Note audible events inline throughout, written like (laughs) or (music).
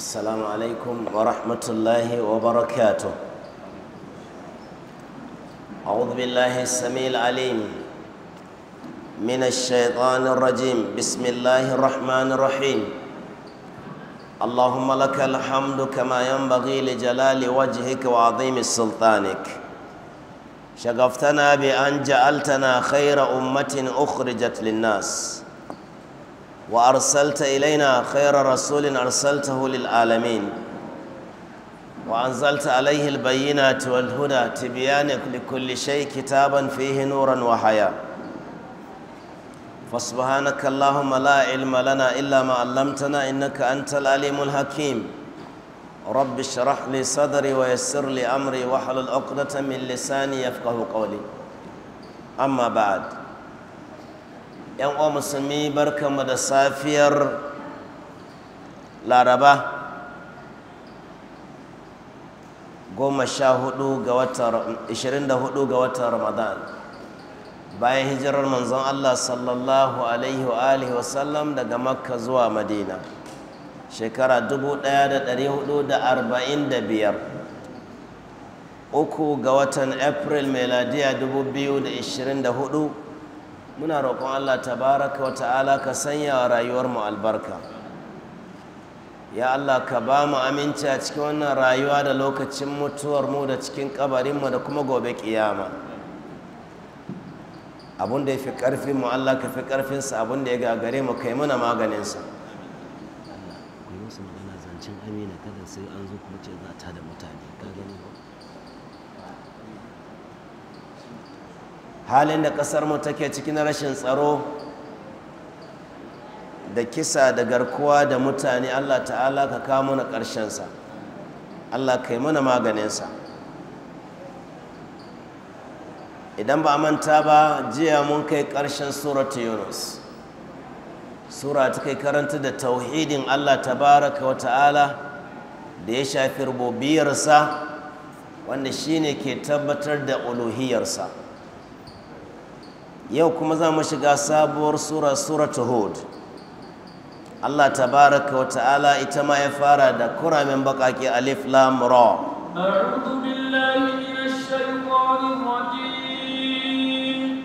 السلام عليكم ورحمة الله وبركاته أعوذ بالله السميع العليم من الشيطان الرجيم بسم الله الرحمن الرحيم اللهم لك الحمد كما ينبغي لجلال وجهك وعظيم سلطانك شغفتنا بأن جعلتنا خير أمة أخرجت للناس وأرسلت إلينا خير رسول أرسلته للعالمين وأنزلت عليه البينات والهدى تبيان لكل شيء كتابا فيه نورا وحياة فسبحانك اللهم لا علم لنا إلا ما علمتنا إنك أنت العليم الحكيم رب اشرح لي صدري ويسر لي أمري واحلل عقدة من لساني يفقه قولي أما بعد yan uwa musulmi barkanmu da safiyar laraba goma sha hudu ga watan ishirin da hudu ga watan ramadan bayan hijirar manzon allah sallallahu alaihi wa alihi wasallam daga makka zuwa madina shekara dubu daya da dari hudu da arba'in da biyar uku ga watan april meladiya dubu biyu da ishirin da hudu muna roƙon Allah tabaraka wa ta'ala ka sanya wa rayuwarmu albarka ya Allah ka ba mu aminci a cikin wannan rayuwa da lokacin mutuwarmu da cikin kabarinmu da kuma gobe kiyama Abun da ya fi ƙarfinmu Allah ka fi ƙarfinsa abun da ya gagare mu kai muna maganinsa amina kada sai an zo kuma ce za ta da halin da ƙasarmu take cikin rashin tsaro da kisa da garkuwa da mutane allah ta'ala ka kawo mana ƙarshensa allah ka yi mana maganinsa idan ba manta ba jiya mun kai ƙarshen suratu yunus sura ta kai karanta da tauhidin allah tabaraka wa ta'ala da ya shafi rububiyarsa wanda shine ke tabbatar da uluhiyarsa yau kuma za mu shiga sabuwar sura ta hud Allah tabaraka wa ta'ala ita ma ya fara da kuramin bakake alif lam ra a'udhu billahi minash shaitanir rajim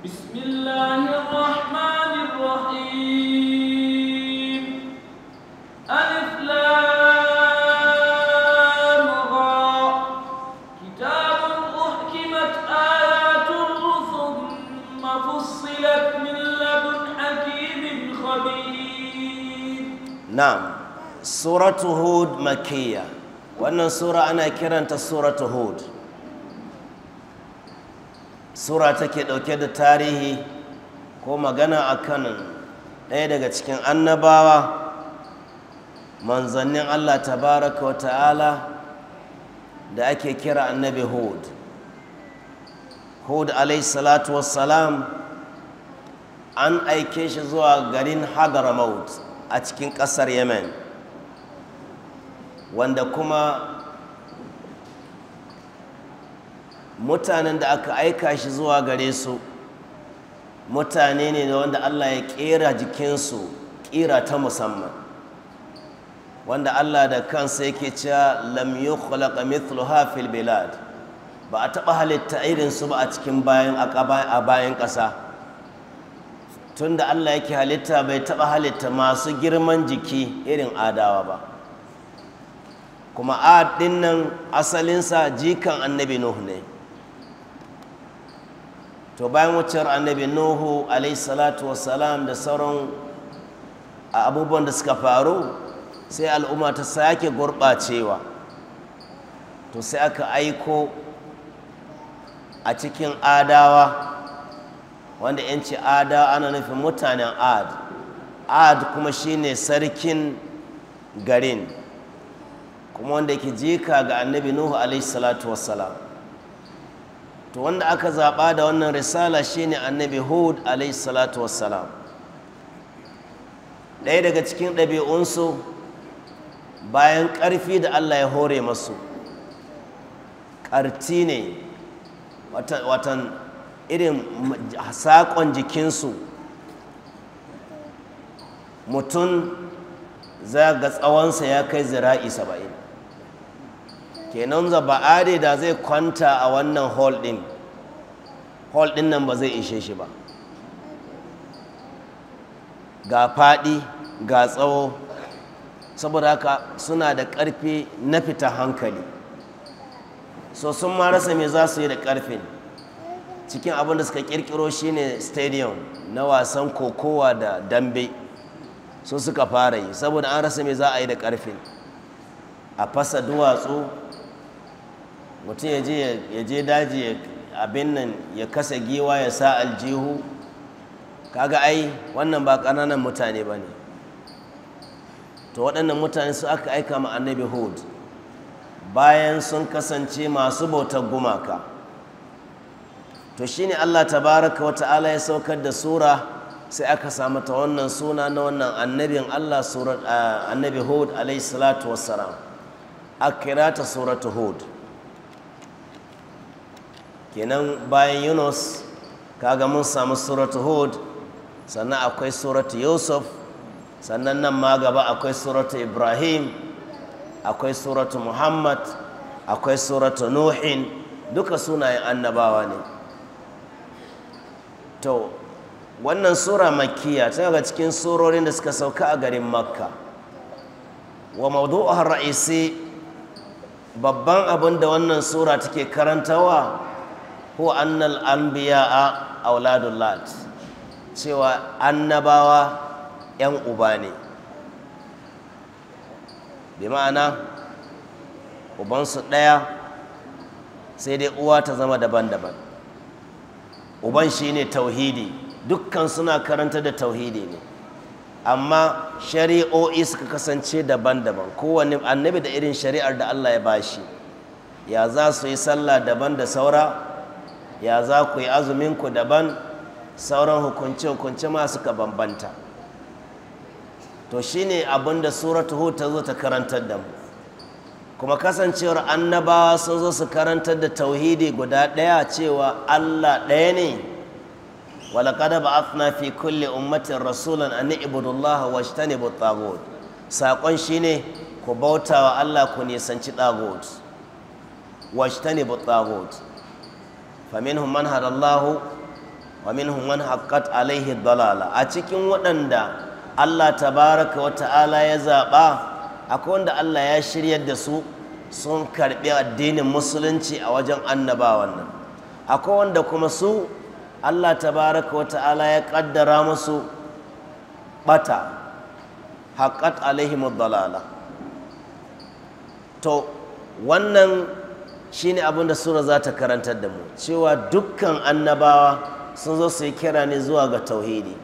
bismillahir rahmanir rahim na'am suratu hud makiyya wannan sura ana kiranta suratu hud sura take dauke da tarihi ko magana a akan ɗaya daga cikin annabawa manzannin Allah tabaraka wa ta'ala da ake kira annabi hud hud alaihi salatu wassalam an aike shi zuwa garin hadramaut a cikin ƙasar yemen wanda kuma mutanen da aka aika shi zuwa gare su mutane ne da wanda allah ya ƙera jikinsu ƙira ta musamman wanda allah da kansa yake cewa lam yukhlaqa mithluha fil bilad ba a taɓa halitta irinsu ba a cikin bayan a bayan ƙasa tunda Allah yake halitta bai taɓa halitta masu girman jiki irin adawa ba kuma ad ɗin nan asalinsa jikan annabi nuhu ne to bayan wucewar annabi nuhu salatu wassalam da sauran abubuwan da suka faru sai al'umma ta sake gurɓacewa to sai aka aiko a cikin adawa wanda yanci ada ana nufin mutanen ad ad kuma shine sarkin garin kuma wanda yake jika ga annabi nuhu alaihi salatu wassalam to wanda aka zaɓa da wannan risala shine annabi hud alaihi salatu wassalam ɗaya daga cikin ɗabi'unsu bayan ƙarfi da allah ya hore masu ƙarti ne watan irin saƙon jikinsu mutum za ga tsawonsa ya kai zira'i saba'in kenan za ba da zai kwanta a wannan hall din. hall ɗin nan ba zai ishe shi ba ga faɗi ga tsawo saboda haka suna da ƙarfi na fita hankali so sun ma rasa me za su yi da ƙarfin cikin abin da suka kirkiro shine stadium na wasan kokowa da dambe su suka fara yi saboda an rasa mai za a yi da karfi a fasa duwatsu mutum ya je daji abin nan ya kasa giwa ya sa aljihu kaga ai wannan ba kananan mutane ba ne to waɗannan mutane su aka aika ma annabi hud bayan sun kasance masu bautar gumaka to shine Allah ta tabaraka ta'ala ya saukar da sura sai aka samu ta wannan suna na wannan annabin Allah surat annabi Hud alaihi salatu wassalam akirata suratu Hud kenan bayan Yunus kaga mun samu suratu Hud sannan akwai suratu Yusuf sannan nan ma gaba akwai suratu Ibrahim akwai suratu Muhammad akwai suratu Nuhin duka sunayen annabawa ne to wannan sura makkiya tana daga cikin surorin da suka sauka a garin makka wa mawdu'uhar ra'isi babban abin da wannan sura take karantawa ko annal a auladul lat cewa annabawa yan uba ne bi ma'ana ubansu ɗaya sai dai uwa ta zama daban-daban uban shi ne tauhidi dukkan suna karanta da tauhidi ne amma shari'o'i suka kasance daban-daban kowane annabi da irin shari'ar da Allah ya bashi ya za su yi sallah daban da saura ya za ku yi azuminku daban sauran hukunce-hukunce masu suka bambanta to shine ne da suratu ta zo ta karantar da mu kuma kasancewar annabawa sun zo su karantar da tauhidi guda ɗaya cewa Allah ɗaya ne walakada ba afna fi kulle ummatin rasulan an ibudullah wa shi ta ne saƙon shi ne ku bauta wa Allah ku nisanci ɗagot wa shi ta ne famin human hadallahu famin human haƙƙat alaihi dalala a cikin waɗanda Allah tabaraka wa ta'ala ya zaɓa akwai wanda Allah ya shirya da su sun karɓi addinin musulunci a wajen annabawan nan akwai wanda kuma su Allah tabaraka wa ta'ala ya ƙaddara musu ɓata haƙat alaihim dalala to wannan shine abin da sura za ta karantar da mu cewa dukkan annabawa sun zo su yi kira ne zuwa ga tauhidi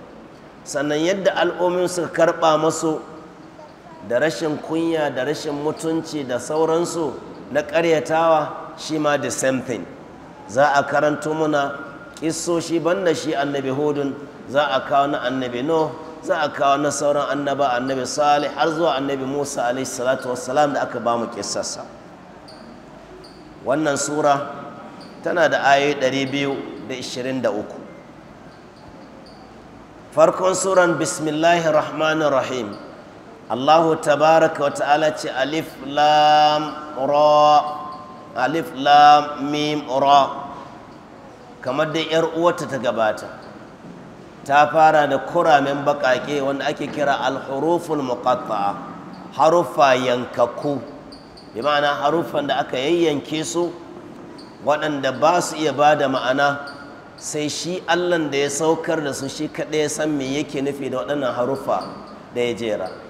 sannan yadda al'ummin suka karɓa masu da rashin kunya da rashin mutunci da sauransu na karyatawa shi ma the same thing za a karanto muna kissoshi banda shi annabi hudun za a kawo na annabi no za a kawo na sauran annaba annabi salih har zuwa annabi musa alaihi salatu wassalam da aka bamu kissarsa wannan sura tana da ayoyi 223 farkon suran bismillahir rahmanir rahim Allahu tabaraka wa ta'ala ce alif lam ra alif lam mim kamar da yar uwarta ta gabata ta fara da kuramen bakake wanda ake kira al-huruful muqatta'a haruffa yankakku bi ma'ana haruffan da aka yayyanke su waɗanda ba su iya ba da ma'ana sai shi allan da ya saukar da su shi kaɗai ya san me yake nufi da waɗannan haruffa da ya jera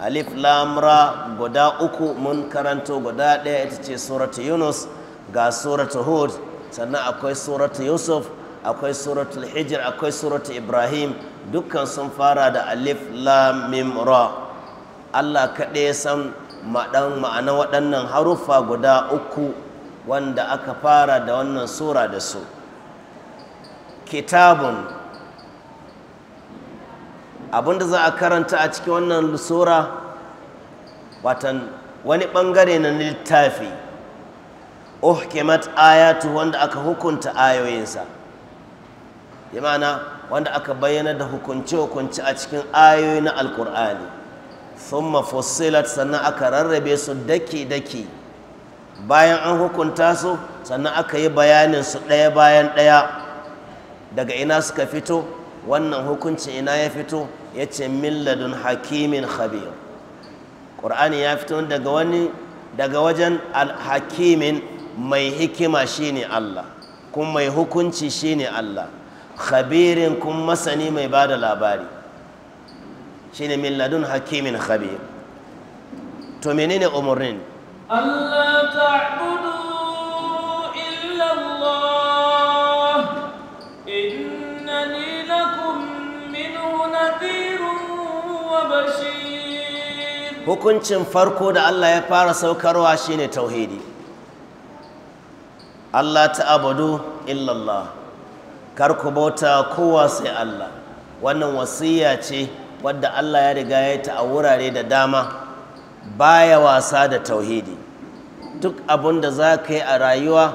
alif lamra guda uku mun karanto guda ɗaya ita ce suratu yunus ga suratu hud sannan akwai suratu yusuf akwai suratul hijir akwai suratu ibrahim dukkan sun fara da alif lam allah kaɗai ya san ma'ana waɗannan haruffa guda uku wanda aka fara da wannan sura da su kitabun abinda za a karanta a cikin wannan sura watan wani bangare na littafi uhkimat ayatu wanda aka hukunta ayoyinsa Imana wanda aka bayyana da hukunce hukunci a cikin ayoyi na alkur'ani sun fussilat sannan aka rarrabe su daki daki bayan an hukunta su sannan aka yi bayanin su ɗaya bayan ɗaya daga ina suka fito wannan hukunci ina ya fito ya ce milladun hakimin khabir ƙur'ani ya fito daga wani daga wajen alhakimin mai hikima shine Allah kuma mai hukunci shine Allah khabirin kuma masani mai ba da labari shine milladun hakimin khabir to menene umarnin Allah ta'budu hukuncin farko da Allah ya fara saukarwa shine tauhidi Allah ta ta'abudu illallah kar ku bauta kowa sai Allah wannan wasiya ce wadda Allah ya riga ya ta a wurare da dama baya wasa da tauhidi duk abun da za ka yi a rayuwa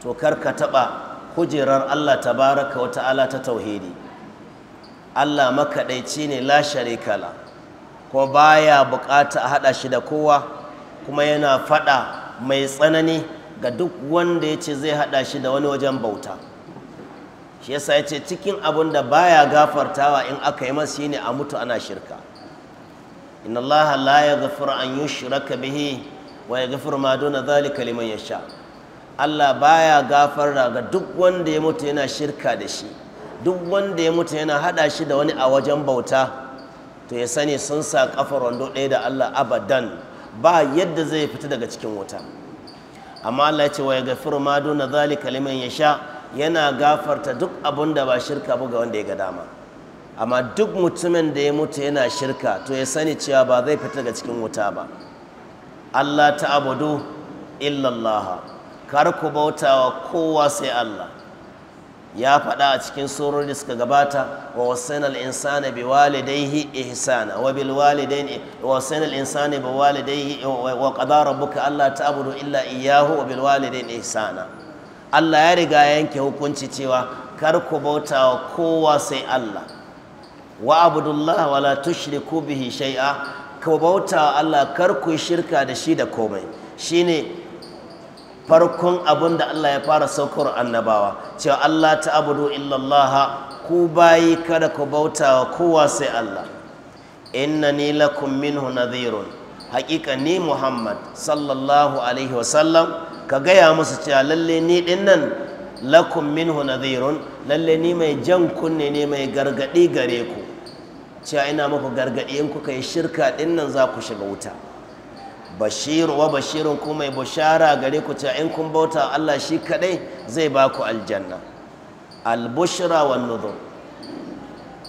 to kar ka taɓa kujerar Allah tabaraka wa ta'ala ta tauhidi Allah makaɗaici ne la sharikala ko baya bukata a haɗa shi da kowa kuma yana faɗa mai tsanani ga duk wanda ya ce zai haɗa shi da wani wajen bauta shi yasa ya ce cikin abin da baya gafartawa in aka yi masa ne a mutu ana shirka inna Allah la yaghfiru an yushraka bihi wa yaghfiru ma duna zalika liman yasha Allah baya gafar ga duk wanda ya mutu yana shirka da shi duk wanda ya mutu yana hada shi da wani a wajen bauta to ya sani sun sa kafar wando ɗaya da Allah abadan ba yadda zai fita daga cikin wuta amma Allah ya ce wa ya gafiru ma duna zalika liman yasha yana gafarta duk abun ba shirka ba ga wanda ya ga dama amma duk mutumin da ya mutu yana shirka to ya sani cewa ba zai fita daga cikin wuta ba Allah ta abudu illallah kar ku bautawa kowa sai Allah ya faɗa a cikin surori da suka gabata wa wasaina insani insana bi walidayhi ihsana wa bil walidaini wa wasaina al bi walidayhi wa illa iyyahu wa bil walidaini ihsana Allah ya riga yanke hukunci cewa kar ku bauta wa kowa sai Allah wa abdullah wa la tushriku bihi shai'a, ku bauta wa Allah kar ku shirka da shi da komai shine farkon abin da Allah ya fara saukar annabawa cewa Allah ta abudu illallah ku bayi kada ku bauta wa kowa sai Allah ni lakum minhu nadhirun haƙiƙa ni Muhammad sallallahu alaihi wasallam ka gaya musu cewa lalle ni din nan lakum minhu nadhirun lalle ni mai jan kunne ne mai gargaɗi gare ku cewa ina muku gargaɗi in kuka yi shirka din nan za ku shiga wuta bashiru wa bashirun ku mai bushara gare ku cewa in kun bauta Allah shi kadai zai ba ku aljanna albushra wan nuzur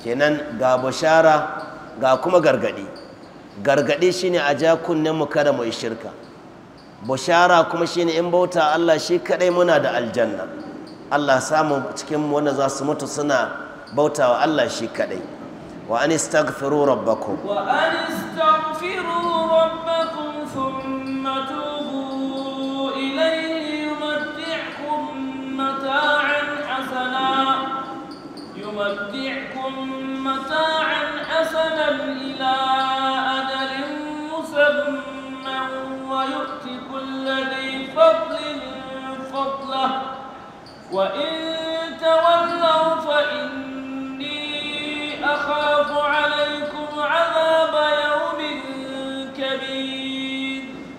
kenan ga bushara ga kuma gargadi gargadi shine a ja kunnen mu kada mu yi shirka bushara kuma shine in bauta Allah shi kadai muna da aljanna Allah samu cikin wanda za su mutu suna bautawa Allah shi kadai wa an istaghfiru rabbakum wa an istaghfiru rabbakum ثم توبوا إليه متاعا حسنا إلى ويؤت كل ذي فضل فضله وإن تولوا فإن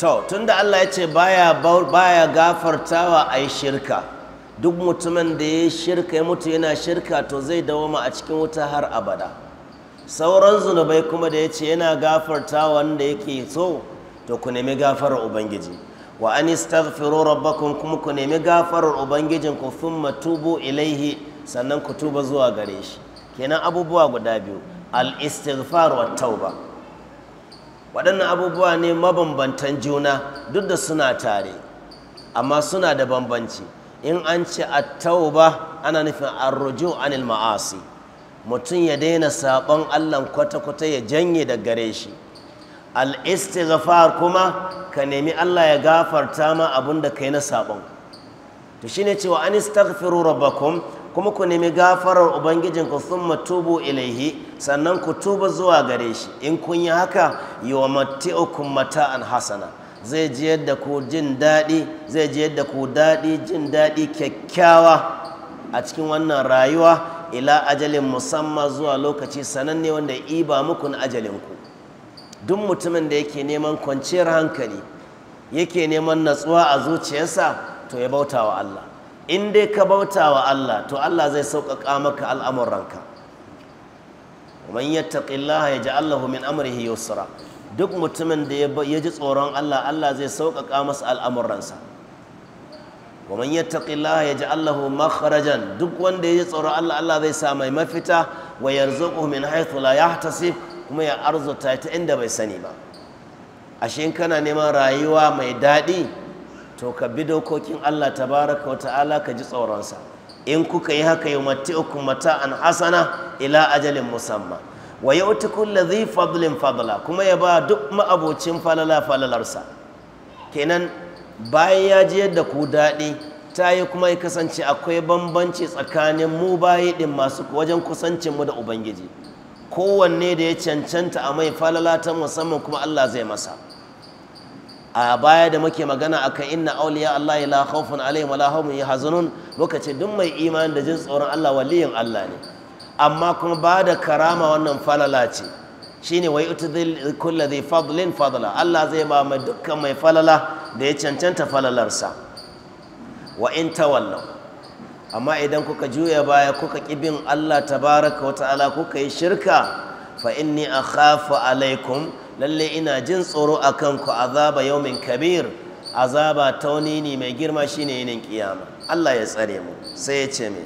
to tunda Allah ya ce baya wa gafartawa ai shirka duk mutumin da ya shirka ya mutu yana shirka to zai dawoma a cikin wuta har abada sauran zunubai kuma da ya ce yana gafarta wanda yake so to ku nemi gafarar ubangiji wa an istaghfiru rabbakum kuma ku nemi gafarar ubangijin ku thumma tubu ilaihi sannan ku tuba zuwa gare shi kenan abubuwa guda biyu al istighfar wa tauba waɗannan abubuwa ne mabambantan juna duk da suna tare amma suna da bambanci in an ce attauba ana nufin arruju anil ma'asi mutum ya daina saɓon allan kwata-kwata ya janye da gare shi al kuma ka nemi allah ya gafarta ma abin da ka yi na saɓon to shine cewa an istaghfiru rabbakum kuma ku nemi gafarar ubangijinku sun tubu ilaihi sannan ku tuba zuwa gare shi in kun yi haka yiwa mata'an hasana zai ji yadda ku jin daɗi zai ji yadda ku daɗi jin daɗi kyakkyawa a cikin wannan rayuwa ila ajalin musamman zuwa lokaci sananne wanda iba muku na ajalinku duk mutumin da yake neman kwanciyar hankali yake neman natsuwa a zuciyarsa to ya bauta wa Allah in dai ka bauta wa Allah to Allah zai sauƙaƙa maka al'amuranka man yattaqillaha yaj'al lahu min amrihi yusra duk mutumin da ya ji tsoron Allah Allah zai sauƙaƙa masa al'amuransa wa man yattaqillaha yaj'al lahu makhrajan duk wanda ya ji tsoron Allah Allah zai sa mai mafita wa yarzuquhu min haythu la yahtasib kuma ya arzuta ta inda bai sani ba ashe kana neman rayuwa mai daɗi to ka bi dokokin Allah tabaraka wa ta'ala ka ji tsoronsa in kuka yi haka yi mati'ukum mata'an hasana ila ajalin musamman wa yauti kulli zai fadlin fadla kuma ya ba duk ma'abocin falala falalarsa kenan bayan ya ji yadda ku daɗi ta yi kuma ya kasance akwai bambanci tsakanin mu bayi ɗin masu wajen kusancin mu da ubangiji kowanne da ya cancanta a mai falala ta musamman kuma Allah zai masa a baya da muke magana a kan inna auliya Allah la khawfun alaihim wala hum yahzanun muka ce duk mai imani da jin tsoron Allah waliyin Allah ne amma kuma ba da karama wannan falala ce shine wai utdil kulli dhi fadlin fadla Allah zai ba mai dukkan mai falala da ya cancanta falalarsa wa in tawallaw amma idan kuka juya baya kuka kibin Allah tabaraka wa ta'ala kuka yi shirka fa inni akhafu alaikum lalle ina jin tsoro a kanku azaba yaumin kabir azaba ta wani ne mai girma shine yin kiyama Allah ya tsare mu sai ya ce me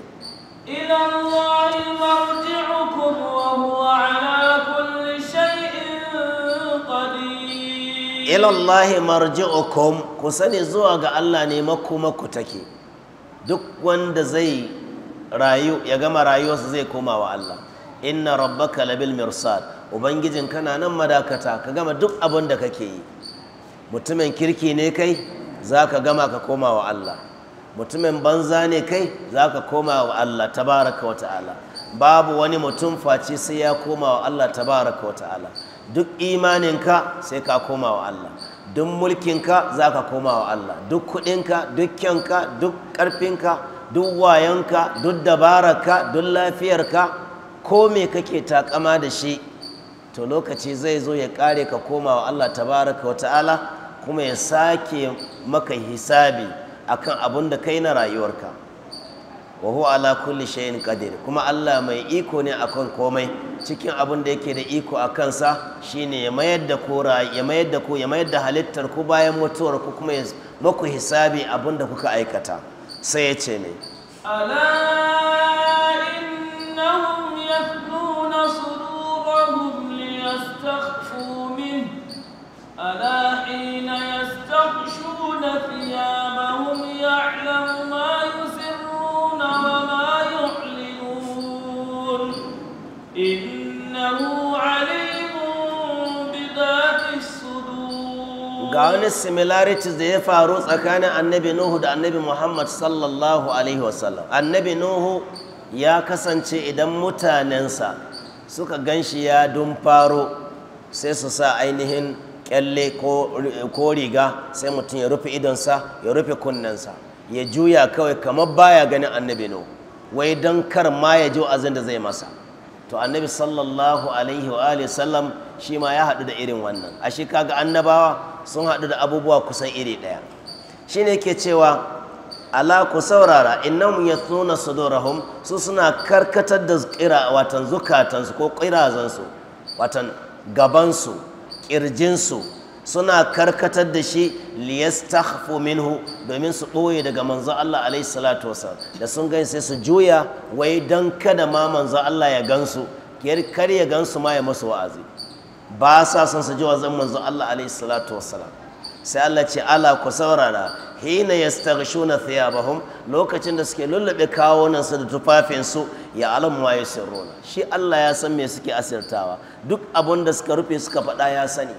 ila Allah marji'ukum wa huwa ala kulli shay'in qadir ila Allah marji'ukum ku sani zuwa ga Allah ne makoma ku take duk wanda zai rayu ya gama rayuwarsu zai koma wa Allah inna rabbaka labil mirsad ubangijin kana nan madakata ka gama duk abin da kake yi mutumin kirki ne kai za ka gama ka koma wa Allah mutumin banza ne kai za ka koma wa Allah tabaraka wa ta'ala babu wani mutum face sai ya koma wa Allah tabaraka wa ta'ala duk imaninka sai ka koma wa Allah duk mulkinka za ka koma wa Allah duk kuɗinka duk kyanka duk ƙarfinka duk wayanka duk dabararka duk lafiyarka ko me kake takama da shi to lokaci zai zo ya kare ka koma wa Allah tabaraka wa ta'ala kuma ya sake maka hisabi akan abun da kai na rayuwarka wa huwa ala kulli shay'in qadir kuma Allah mai iko ne akan komai cikin abun da yake da iko a kansa shine ya mayar da ku ya mayar da ku ya mayar da halittar ku bayan mutuwar ku kuma ya maku hisabi abun da kuka aikata sai ya ce ne ala innahum استخفوا منه ألا حين wani similarities da ya faru tsakanin annabi Nuhu da annabi Muhammad sallallahu Alaihi wasallam annabi Nuhu ya kasance idan mutanensa suka gan shi ya dumfaro sai su sa ainihin kyalle ko riga sai mutum ya rufe idonsa ya rufe kunnensa ya juya kawai kamar baya ganin annabi no wai don kar ma ya ji azin da zai masa to annabi sallallahu alaihi wa sallam shi ma ya haɗu da irin wannan a shi kaga annabawa sun haɗu da abubuwa kusan iri ɗaya shine ke cewa ala ku saurara innahum yathnuna sudurahum su suna karkatar da kira watan zukatansu ko kirazansu watan gabansu kirjinsu suna karkatar da shi liyastakhfu minhu domin su ɓoye daga manzo Allah alaihi salatu wasal da sun gani sai su juya wai dan kada ma manzo Allah ya gansu kar ya gansu ma ya masu wa'azi ba sa son su ji zan manzo Allah alaihi salatu wasal sai Allah ce ala ku saurara hina yastaghshuna thiyabahum lokacin da suke lullube kawunan su da tufafin su ya alam wa yusirruna shi Allah ya san me suke asirtawa duk abin da suka rufe suka faɗa ya sani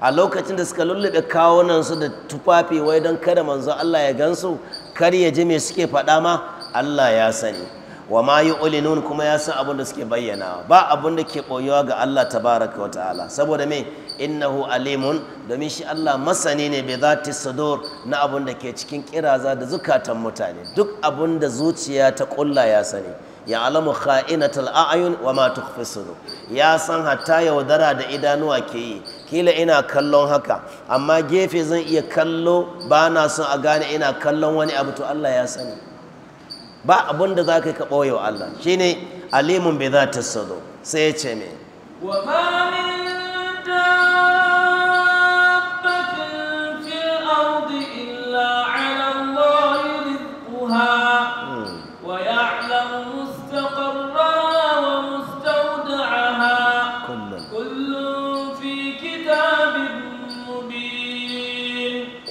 a lokacin da suka lullube kawunan su da tufafi wai don kada manzo Allah ya gansu kar ya ji me suke faɗa ma Allah ya sani wa ma yu'linun kuma ya san abin da suke bayyana ba abin da ke boyewa ga Allah tabaraka wa ta'ala saboda me innahu alimun domin shi Allah masani ne bai za ta sudur na abun da ke cikin kiraza da zukatan mutane duk abun da zuciya ta kulla ya sani ya alamu kha'inatul a'yun wa ma tukhfi sudur ya san hatta yaudara da idanuwa ke yi kila ina kallon haka amma gefe zan iya kallo ba na son a gane ina kallon wani abu to Allah ya sani ba abun da zaka ka boye wa Allah shine alimun bai ta sudur sai ya ce me wa ma min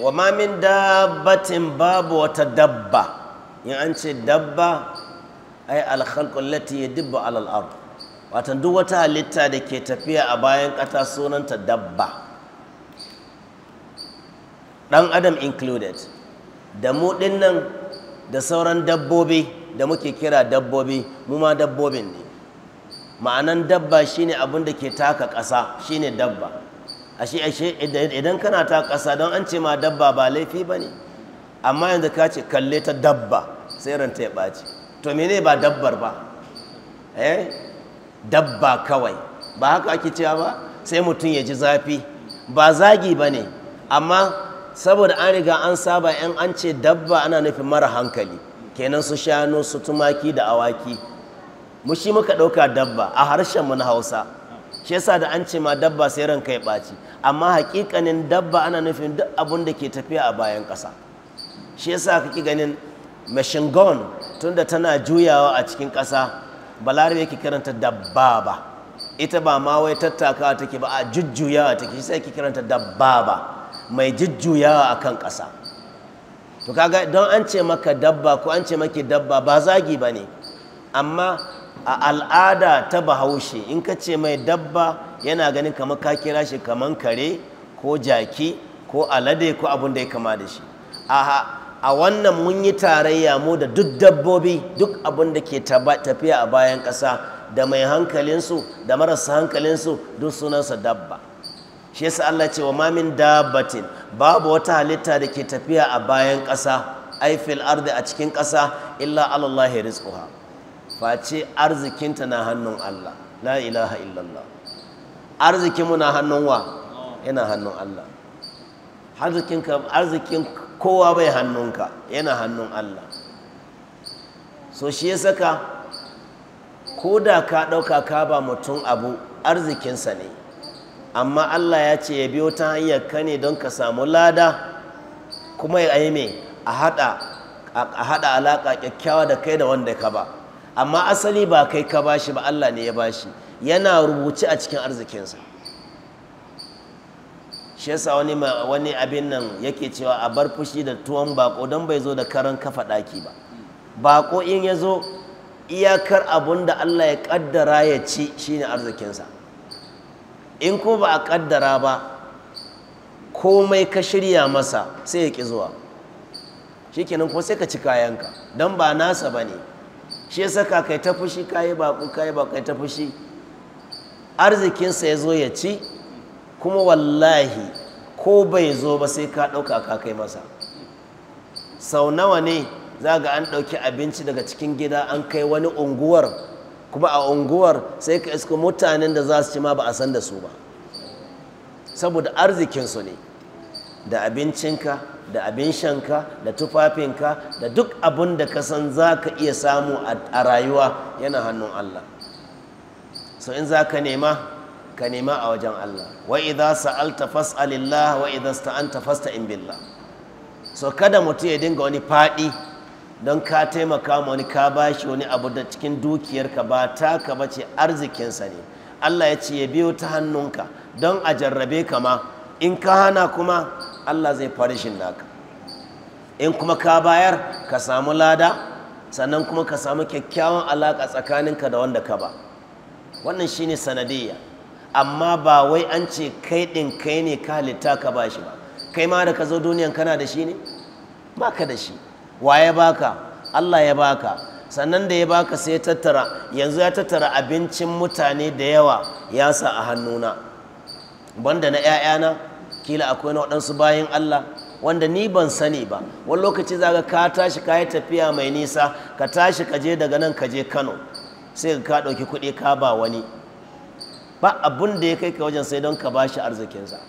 wa ma min dabbatin babu wata dabba in an ce dabba ai alkhalqu allati yadibbu ala al-ard watan duk wata halitta da ke tafiya a bayan ƙasa sunanta dabba dan adam included da mu dinnan da sauran dabbobi da muke kira dabbobi mu ma dabbobin ne ma'anan dabba shine abun da ke taka ƙasa shine dabba ashe ashe idan kana ta kasa don an ce ma dabba ba laifi ba ne amma yanzu ka ce kalle ta dabba sai ranta ya ɓaci to mene ba dabbar ba eh dabba kawai ba haka ake cewa ba sai mutum ya ji zafi ba zagi ba ne amma saboda an riga an saba yan an ce dabba ana nufin mara hankali kenan su shanu su tumaki da awaki mu shi muka ɗauka dabba a harshenmu na hausa shi yasa da an ce ma dabba sai ranka ya ɓaci amma hakikanin dabba ana nufin duk abun da ke tafiya a bayan ƙasa shi yasa kake ganin machine gun tunda tana juyawa a cikin ƙasa balarabe yake karanta dabba ba ita ba ma wai tattakawa take ba a jujjuyawa take shi yake karanta dabba ba mai jujjuyawa a kan ƙasa to kaga don an ce maka dabba ko an ce maki dabba ba zagi ba ne amma a al'ada ta bahaushe in ka ce mai dabba yana ganin kamar ka kira shi kamar kare ko jaki ko alade ko abin da ya kama da shi a wannan mun yi tarayya mu da duk dabbobi duk abin da ke tafiya a bayan ƙasa da mai hankalinsu da marasa hankalinsu duk sunansa dabba shi yasa Allah ce wa mamin dabbatin babu wata halitta da ke tafiya a bayan ƙasa fil ardi a cikin ƙasa illa alallahi rizquha face arzikinta na hannun Allah la ilaha illallah arzikinmu na hannun wa yana hannun Allah arzikinka arzikin kowa bai hannunka yana hannun Allah so shi ya saka ko da ka ɗauka ka ba mutum abu arzikinsa ne amma Allah ya ce ya biyo ta hanyar ka ne don ka samu lada kuma ya yi a haɗa alaƙa kyakkyawa da kai da wanda ka ba amma asali ba kai ka ba shi ba Allah ne ya ba shi yana rubuce a cikin arzikinsa shi yasa wani wani abin nan yake cewa a bar fushi da tuwon bako don bai zo da karan kafa daki ba bako in ya zo iyakar abun da Allah ya kaddara ya ci shine arzikinsa in ko ba a kaddara ba komai ka shirya masa sai ya ki zuwa shikenan ko sai ka ci kayanka don ba nasa ba ne shi ya saka kai ta fushi kayi baƙo kayi kai ta fushi arzikinsa ya zo ya ci kuma wallahi ko bai zo ba sai ka ɗauka ka kai masa sau nawa ne za ga an ɗauki abinci daga cikin gida an kai wani unguwar kuma a unguwar sai ka isko mutanen da za su ci ma ba a san da su ba saboda arzikinsu ne da abincinka da abin shanka da tufafinka da duk abin da ka san za ka iya samu a rayuwa yana hannun Allah so in za ka nema ka nema a wajen Allah wa idza sa'alta fas'alillah wa idza sta'anta fasta'in billah so kada mutum ya dinga wani fadi don ka taimaka ma wani ka bashi wani abu da cikin dukiyarka ba taka bace arzikinsa ne Allah ya ce ya biyo ta hannunka don a jarrabe ka ma in ka hana kuma Allah zai farishin naka in kuma ka bayar ka samu lada sannan kuma ka samu kyakkyawan alaƙa tsakaninka da wanda ka ba wannan shine sanadiyya amma ba wai an ce kai ɗin kai ne ka halitta ka ba shi ba kai ma da ka zo duniyan kana da shi ne ba ka da shi wa ya baka Allah ya baka sannan da ya baka sai ya tattara yanzu ya tattara abincin mutane da yawa ya sa a hannuna banda na 'ya'yana kila akwai na waɗansu bayan Allah wanda ni ban sani ba wani lokaci za ka ka tashi ka yi tafiya mai nisa ka tashi ka je daga nan ka je Kano sai ka ɗauki kuɗi ka ba wani ba abun da ya kai ka wajen sai don ka ba shi arzikinsa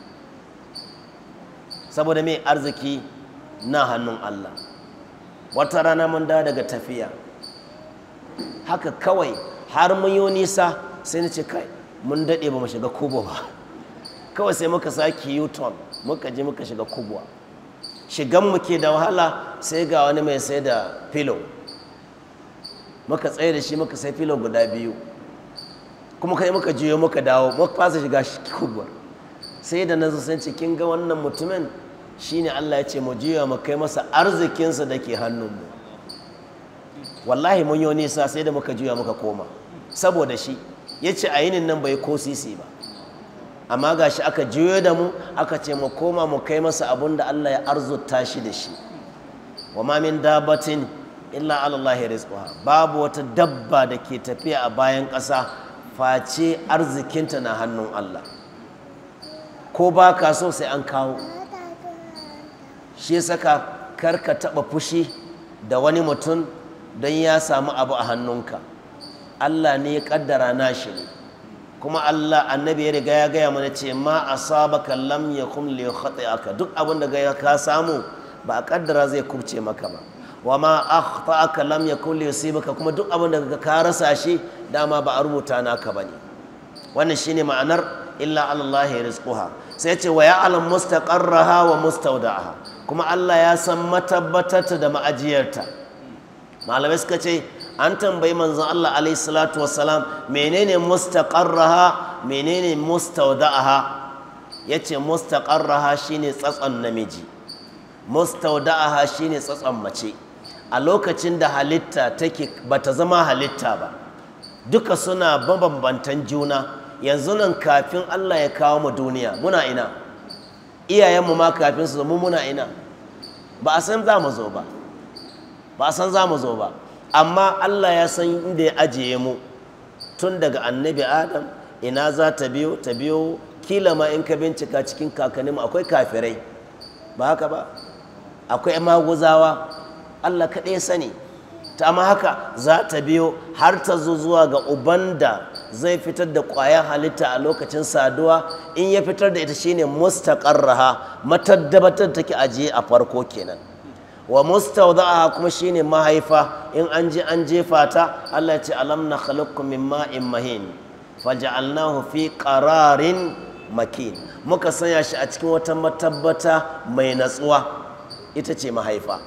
saboda mai arziki na hannun Allah wata rana mun da daga tafiya haka kawai har mun yi nisa sai na ce kai mun daɗe ba mu shiga kobo ba kawai sai muka sake yuton muka je muka shiga kubwa shigan mu ke da wahala sai ga wani mai sai da filo muka tsaye da shi muka sai filo guda biyu kuma kai muka juyo muka dawo muka fasa shiga kubwa sai da nazo san ce kin ga wannan mutumin shine Allah ya ce mu juya mu kai masa arzikinsa da ke mu wallahi mun yi nisa sai da muka juya muka koma saboda shi yace ce a yinin nan bai ko sisi ba amma ga shi aka juyo da mu aka ce mu koma mu kai masa abun da Allah ya arzuta shi da shi wa ma min dabatin illa Allah rizquha babu wata dabba da ke tafiya a bayan ƙasa face arzikinta na hannun Allah ko ba ka so sai an kawo shi saka kar ka taɓa fushi da wani mutum don ya samu abu a hannunka Allah ne ya ƙaddara nashi ne kuma Allah annabi ya riga ya gaya mana ce ma asabaka lam yakum li aka duk abin da gaya ka samu ba a kaddara zai kubce maka ba wa ma aka lam yakun li yusibaka kuma duk abin da ka rasa shi dama ba a rubuta naka ne. wannan shine ma'anar illa Allah ya rizquha sai ce wa ya'lam mustaqarraha wa mustawda'aha kuma Allah ya san matabbatarta da ma'ajiyarta malamai suka ce an tambayi manzon Allah alaihi salatu wassalam menene mustaqarraha menene mustawda'aha yace mustaqarraha shine tsatson namiji mustawda'aha shine tsatson mace a lokacin da halitta take bata zama halitta ba duka suna bambantan juna yanzu nan kafin Allah ya kawo mu duniya muna ina iyayenmu ma kafin su mu muna ina ba a san za mu zo ba ba a san za mu zo ba amma Allah ya san inda ya ajiye mu tun daga annabi adam ina za ta biyo ta biyo kila ma in ka bincika cikin mu akwai kafirai ba haka ba akwai maguzawa Allah kaɗai sani ta amma haka za ta biyo har ta zo zuwa ga uban da zai fitar da ƙwayar halitta a lokacin saduwa in ya fitar da ita shine mustaqarraha mataddabatar take ajiye a farko kenan wa za'a kuma shine mahaifa in an je an jefa ta Allah ya ce alam na khalaqkum min ma'in mahin faj'alnahu fi qararin makin muka sanya shi a cikin wata matabbata mai natsuwa ita ce mahaifa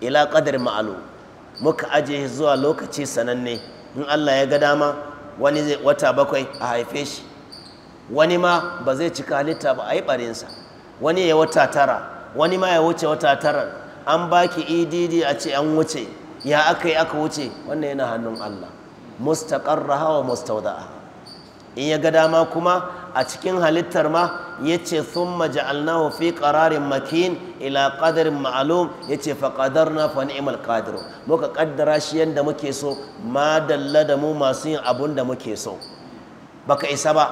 ila qadar ma'alu muka aje zuwa lokaci sananne in Allah ya ga dama wani wata bakwai a haife shi wani ma ba zai cika halitta ba a yi barinsa wani ya wata tara wani ma ya wuce wata taran an baki idd e a ce an wuce ya aka yi aka wuce wannan yana hannun Allah mustaqarraha wa mustaudaa in ya ga dama kuma a cikin halittar ma ya ce sun maja'alnahu fi ƙararin makin ila ƙadarin ma'alum ya ce faƙadar na fa ni'imal ƙadiru muka ƙaddara shi yadda muke so ma dalla da mu masu yin abun da muke so baka isa ba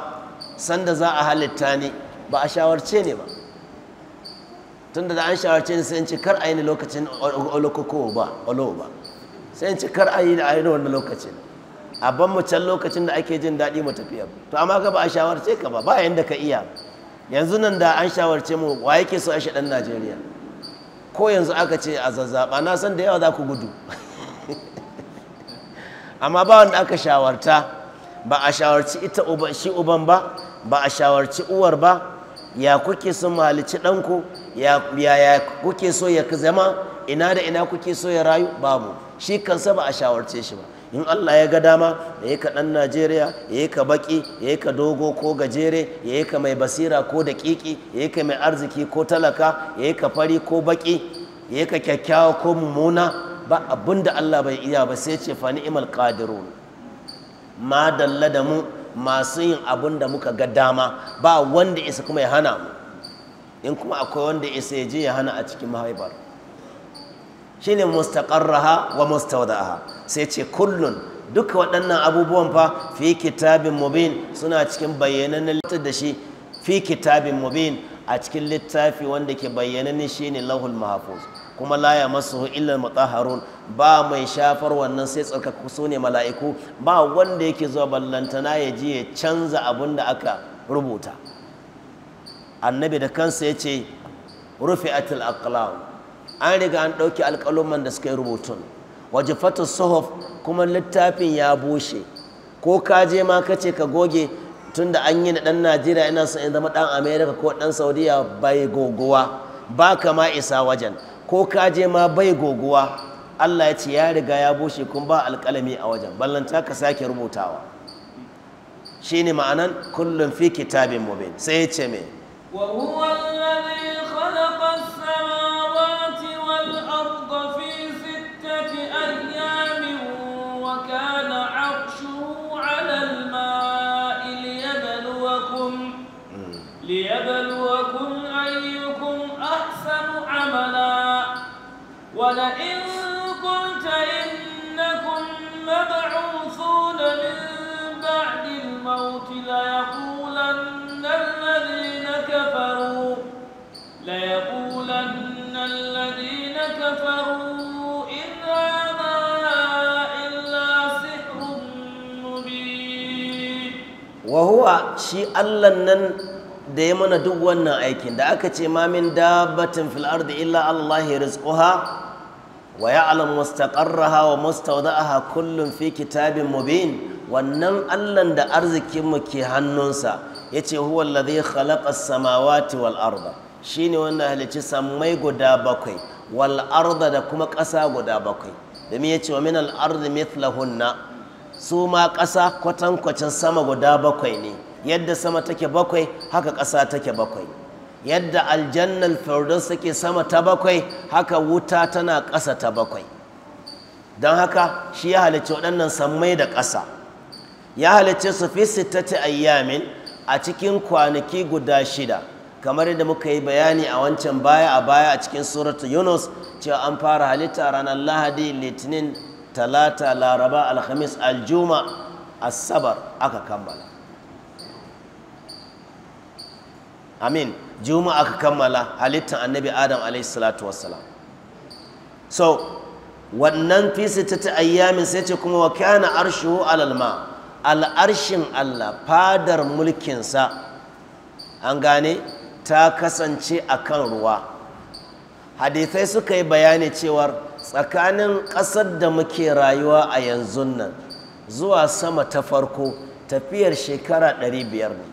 sanda za a halitta ni ba a shawarce ne ba tunda da an shawarce ni sai in kar a yi ni lokacin olokoko ba olo ba sai in kar a yi da ayi wannan lokacin a ban mu can lokacin da ake jin daɗi mu tafiya to amma ka ba a shawarce ka ba ba yanda ka iya yanzu nan da an shawarce mu wa yake so a shi Najeriya ko yanzu aka ce a zazzaba. na san da yawa za ku gudu (laughs) amma ba wanda aka shawarta ba a shawarci ita shi uban ba ba a shawarci uwar ba ya kuke sun halici ɗanku Yaya kuke so ya zama ina da ina kuke so ya rayu babu shi kansa ba a shawarce shi ba in Allah ya ga dama ya yi ka ɗan Najeriya ya yi ka baƙi ya yi ka dogo ko gajere ya yi ka mai basira ko da ƙiƙi ya yi ka mai arziki ko talaka ya yi ka fari ko baƙi ya yi ka kyakkyawa ko mummuna ba abin da Allah bai iya ba sai ce fa ni'mal qadirun ma dalla da mu masu yin abin da muka ga dama ba wanda isa kuma ya hana mu in kuma akwai wanda isa ya je ya hana a cikin mahaifar shine mustaƙarraha wa mustaudaha sai ce kullun duka waɗannan abubuwan fa fi kitabin mubin suna cikin na littafi da shi fi kitabin mubin a cikin littafi wanda ke shi ne lahul mahafuz kuma laya masu illar mutahharun ba mai shafar wannan sai tsarkaku su ne mala'iku ba wanda yake zuwa ballantana ya je ya canza abin da aka rubuta annabi da kansa ya ce rufe atil aqlam an riga an ɗauki alƙaluman da suka yi rubutun waje fata suhof kuma littafin ya bushe ko ka je ma ka ce ka goge tunda an yi na ɗan najeriya ina son in zama ɗan Amerika ko ɗan saudiya bai goguwa ba ka ma isa wajen ko ka je ma bai goguwa allah ya ce ya riga ya bushe kun ba alƙalami a wajen ballanta ka sake rubutawa shine ma'anan kullum fi kitabin mubin sai ya ce mai وهو الذي wa huwa shi allan nan da ya mana duk wannan aikin da aka ce ma min dabbatin fil'ar da illa Allah rizquha wa ya'lamu mustaqarraha wa mustawda'aha kullun fi kitabin mubin wannan allan da arzikinmu ke hannunsa yace huwa alladhi khalaqa as-samawati wal arda shine wanda halicci sammai guda bakwai wal da kuma ƙasa guda bakwai domin yace wa min al ardi mithlahunna su ma ƙasa kwatankwacin sama guda bakwai ne yadda sama take bakwai haka ƙasa take bakwai yadda aljannal firdaus take sama ta bakwai haka wuta tana ƙasa ta bakwai don haka shi ya halicci waɗannan sammai da ƙasa ya halicce su fi sittati ayyamin a cikin kwanaki guda shida kamar yadda muka yi bayani a wancan baya a baya a cikin suratu yunus cewa an fara halitta ranar lahadi litinin talata laraba alhamis aljuma asabar aka kammala amin juma aka kammala halittar annabi adam alaihi salatu wassalam so wannan ta ta ayyamin sai ce kuma wa kana arshi alal alalma al'arshin Allah fadar mulkinsa an gane ta kasance akan ruwa hadithai suka yi bayani cewar tsakanin ƙasar da muke rayuwa a yanzu nan zuwa sama ta farko tafiyar shekara 500 ne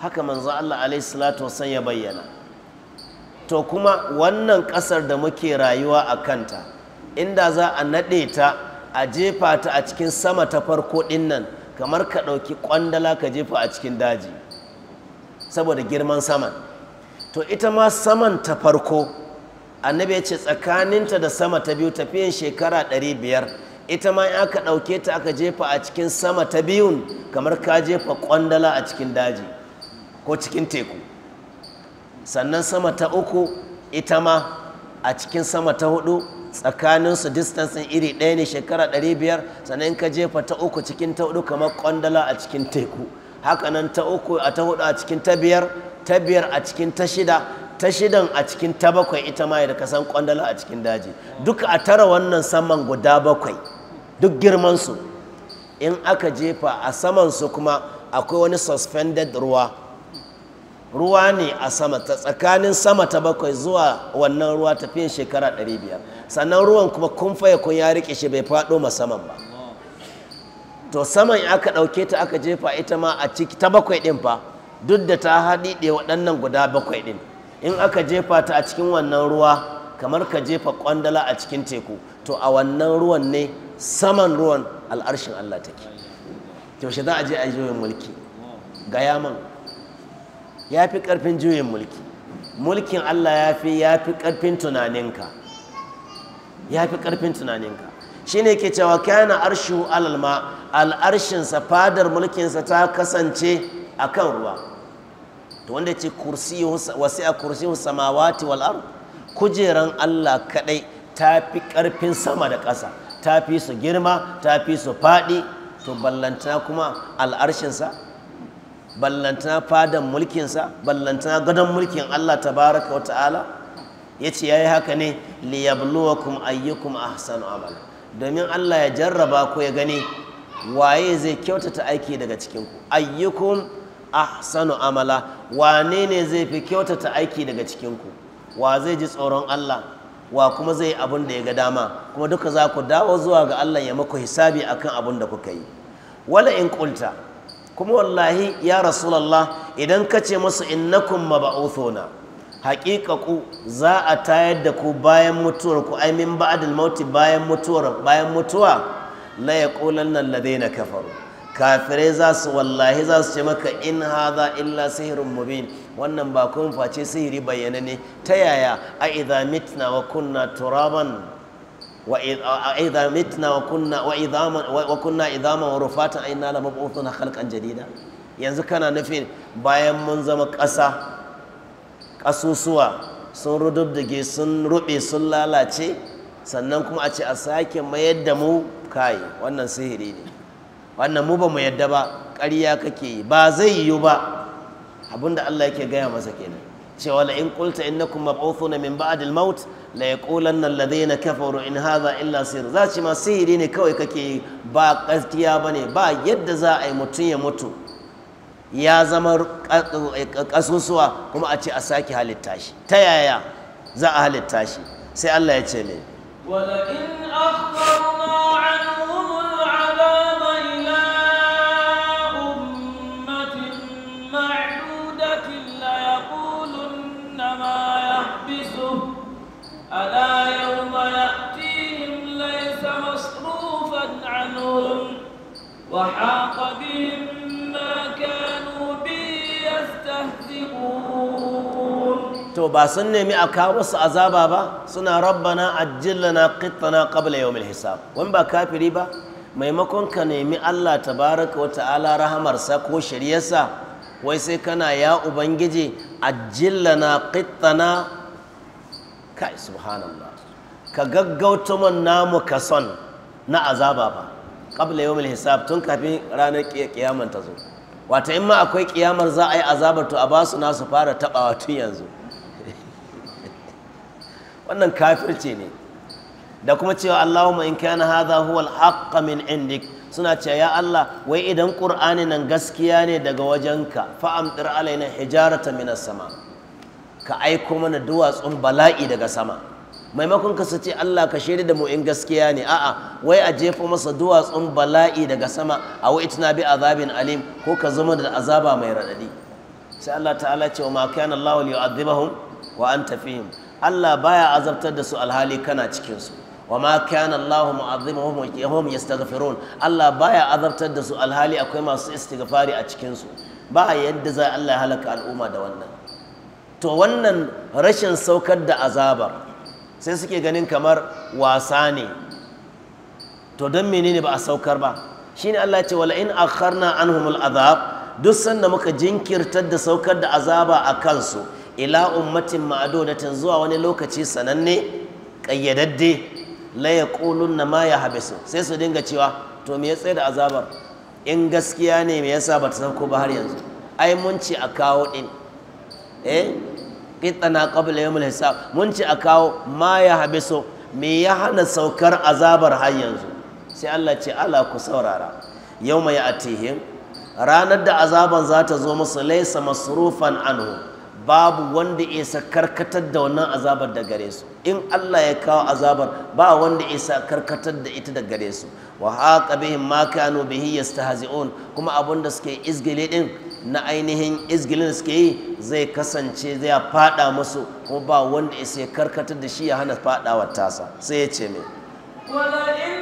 haka manzo Allah alaihi salatu wasallam ya bayyana to kuma wannan ƙasar da muke rayuwa a kanta inda za a naɗe ta a jefa ta a cikin sama ta farko ɗin nan kamar ka ɗauki ƙwandala ka jefa a cikin daji saboda girman saman to ita ma saman ta farko annabi ya ce tsakaninta da sama ta biyu tafiyan shekara ɗari biyar ita ma ya aka ɗauke ta aka jefa a cikin sama ta biyun kamar ka jefa ƙwandala a cikin daji ko cikin teku sannan sama ta uku ita ma a cikin sama ta hudu tsakaninsu distancing iri ɗaya ne shekara ɗari biyar sannan ka jefa ta uku cikin ta hudu kamar ƙwandala a cikin teku hakanan ta uku a ta hudu a cikin ta biyar ta biyar a cikin ta shida ta shidan a cikin ta bakwai ita ma da kasan kwandala a cikin daji Duk a tara wannan saman guda bakwai duk su, in aka jefa a su kuma akwai wani suspended ruwa ruwa ne a sama ta tsakanin sama ta bakwai zuwa wannan ruwa tafiyan shekara 500 sannan ruwan kuma kun faya kun ya rike shi bai faɗo ma saman ba to saman aka ɗauke ta aka jefa ita ma a ciki ta bakwai ɗin fa duk da ta haɗi ɗe waɗannan guda bakwai ɗin in aka jefa ta a cikin wannan ruwa kamar ka jefa kwandala a cikin teku to a wannan ruwan ne saman ruwan al'arshin Allah take yaushe za a je a yi juyin mulki ga yaman ya fi ƙarfin juyin mulki mulkin Allah ya fi ya fi ƙarfin tunaninka ya fi ƙarfin tunaninka shi ne ke cewa kana arshu alalma al'arshinsa fadar mulkinsa ta kasance a kan ruwa to wanda ce wasi'a kursi samawati wal kujeran Allah kadai ta fi karfin sama da ƙasa ta fi su girma ta fi su faɗi to ballantana kuma al'arshinsa ballantana fadan mulkinsa ballantana gadon mulkin Allah ta baraka wa ta'ala ya ce ya yi haka ne liyabluwakum ayyukum ahsanu amala domin Allah ya jarraba ku ya gani waye zai kyautata aiki daga cikinku ayyukum ahsanu amala wane ne zai fi kyautata aiki daga cikinku wa zai ji tsoron Allah wa kuma zai abin da ya ga dama kuma duka za ku dawo zuwa ga Allah ya maku hisabi akan abin da kuka yi wala in kulta kuma wallahi ya rasulullah idan ka ce musu innakum mab'uthuna haƙiƙa ku za a tayar da ku bayan mutuwar ku ai min ba'dal mauti bayan mutuwar bayan mutuwa la yaqulanna alladhina kafaru kafirai za su wallahi za su ce maka in haza illa sihirin mubin wannan ba kun face sihiri bayyana ne ta yaya a idha mitna wa kunna turaban wa mitna wa kunna wa wa kunna idhaman wa rufatan la jadida yanzu kana nufin bayan mun zama ƙasa ƙasusuwa sun rududdige sun rube sun lalace sannan kuma a ce a sake mayar da mu kai wannan sihiri ne wannan mu ba mu yadda ba ƙarya kake yi ba zai yiwu ba abinda Allah yake gaya masa kenan cewa la in qulta innakum mab'uthuna min ba'd al-maut la yaqulanna alladhina kafaru in hadha illa sir za ci ma sihiri ne kawai kake ba gaskiya bane ba yadda za a yi mutum ya mutu ya zama kasusuwa kuma a ce a sake halitta shi ta yaya za a halitta shi sai Allah ya ce ne wala in akhbarna anhum مصروفا عنهم وحاق بهم ما كانوا به sun nemi a kawo azaba ba suna rabbana ajjilna qittana qabla yawm alhisab wani ba kafiri ba maimakon ka nemi Allah tabaraka wa ta'ala rahamarsa ko shiryarsa wai sai kana ya ubangiji ajjilna qittana kai subhanallah ka gaggauta man namu ka son na azaba ba qabla yawmil hisab tun kafin ranar kiyaman ta zo wata in ma akwai ƙiyamar za a yi azabar to a ba su nasu fara tabawa tun yanzu (laughs) wannan kafirce ne da kuma cewa Allahumma in kana hadha huwa al min indik suna cewa ya Allah wai idan ƙur'ani nan gaskiya ne daga wajenka fa amtir alaina hijarata minas sama ka aiko mana duwatsun bala'i daga sama maimakon ka sace Allah ka shaida da mu in gaskiya ne a'a wai a jefa masa duwatsun bala'i daga sama a wa itna bi azabin alim ko ka zama da azaba mai radadi sai Allah ta'ala ce wa ma kana Allah li yu'adhibahum wa anta fihim Allah baya azabtar da su alhali kana cikin su wa ma kana Allah mu'adhibahum wa yahum yastaghfirun Allah baya azabtar da su alhali akwai masu istighfari a cikin su ba yadda za Allah ya halaka al'umma da wannan to wannan rashin saukar da azabar sai suke ganin kamar wasa ne to don menene ba a saukar ba shine Allah ce wala in akharna anhumul azab duk sanda muka jinkirtar da saukar da azaba a kansu ila ummatin ma'adodatin zuwa wani lokaci sananne kayyadadde la yaqulunna ma ya su sai su dinga cewa to me ya tsaye da azabar in gaskiya ne me yasa bata sauko ba har yanzu ai mun ce a kawo din eh qitana qabla yawmil hisab mun ci a kawo ma ya habiso me ya hana saukar azabar har yanzu sai Allah ce ala ku saurara yawma ya'tihim ranar da azaban za ta zo musu laysa masrufan anhu babu wanda isa karkatar da wannan azabar da gare su in Allah ya kawo azabar ba wanda isa karkatar da ita da gare su wa haqa bihim ma kanu bihi yastahzi'un kuma abunda suke izgile din na ainihin izgilin suke yi zai kasance zai fada musu kuma ba wanda isa ya karkatar da shi ya hana fadawa tasa sai ya ce mai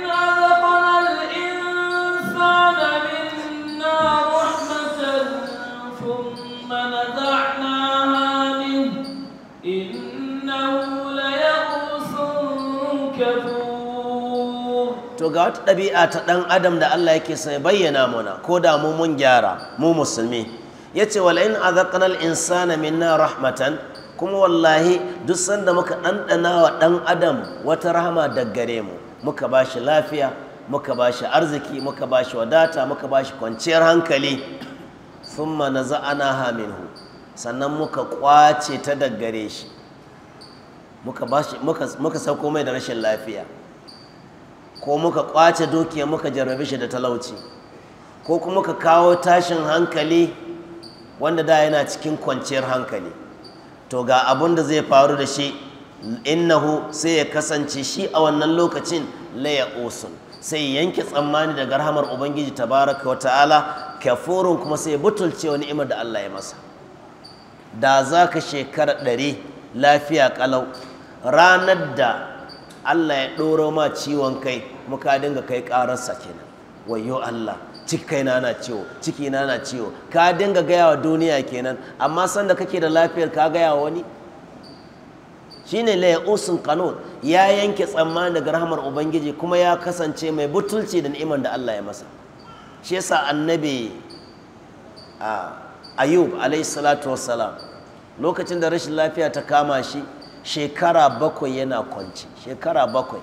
ثم نزعنا to ga wata ɗabi'a ta ɗan adam da Allah yake sai bayyana muna ko da mu mun gyara mu musulmi ya yace wala in zaƙanar insana minna rahmatan kuma wallahi duk sanda muka ɗanɗana wa ɗan adam wata rahama daggare mu muka bashi lafiya muka bashi arziki muka bashi wadata muka bashi kwanciyar hankali thumma naza'anaha minhu sannan muka kwace ta daggare shi muka sauko mai da rashin lafiya ko muka kwace dokiya muka jarrabe shi da talauci ko kuma ka kawo tashin hankali wanda da yana cikin kwanciyar hankali to ga abun da zai faru da shi innahu sai ya kasance shi a wannan lokacin laya usun sai yanke tsammani da garhamar ubangiji tabaraka wa ta'ala kafurun kuma sai butulce wani imar da Allah ya masa da za ka shekara ɗari lafiya ƙalau ranar da Allah ya ɗora ma ciwon kai muka dinga kai ƙararsa kenan wayo Allah cikai na ciwo ciki na ciwo ka dinga gaya wa duniya kenan amma sanda kake da lafiyar ka gaya wa wani shine la usun Kano ya yanke tsammani daga rahmar ubangiji kuma ya kasance mai butulci da ni'imar da Allah ya masa shi yasa annabi ayub alayhi salatu wassalam lokacin da rashin lafiya ta kama shi shekara bakwai yana kwanci shekara bakwai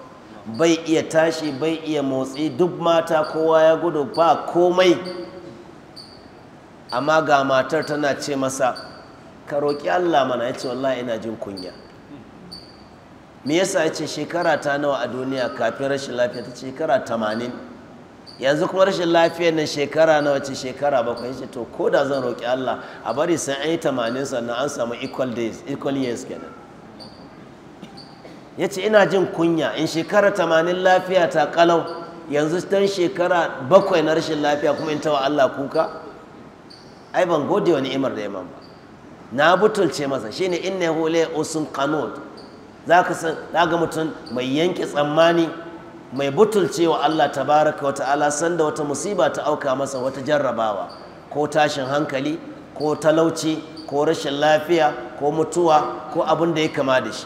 bai iya tashi bai iya motsi duk mata kowa ya gudu ba komai amma ga matar tana ce masa ka roƙi Allah mana ya ce wallahi ina jin kunya me yasa ya ce shekara ta nawa a duniya kafin rashin lafiya ta shekara tamanin yanzu kuma rashin lafiya na shekara nawa ce shekara bakwai ya ce to ko da zan roƙi Allah a bari sai an yi tamanin sannan an samu equal equal years kenan ya ce ina jin kunya in shekara tamanin lafiya ta kalau yanzu tan shekara bakwai na rashin lafiya kuma in tawa Allah kuka ai ban gode wani imar da imam ba na butulce masa shine inna hule usun qanut zaka san ga mutum mai yanke tsammani mai butulce wa Allah baraka wata ala sanda wata musiba ta auka masa wata jarrabawa ko tashin hankali ko talauci ko rashin lafiya ko mutuwa ko abin da ya kama da shi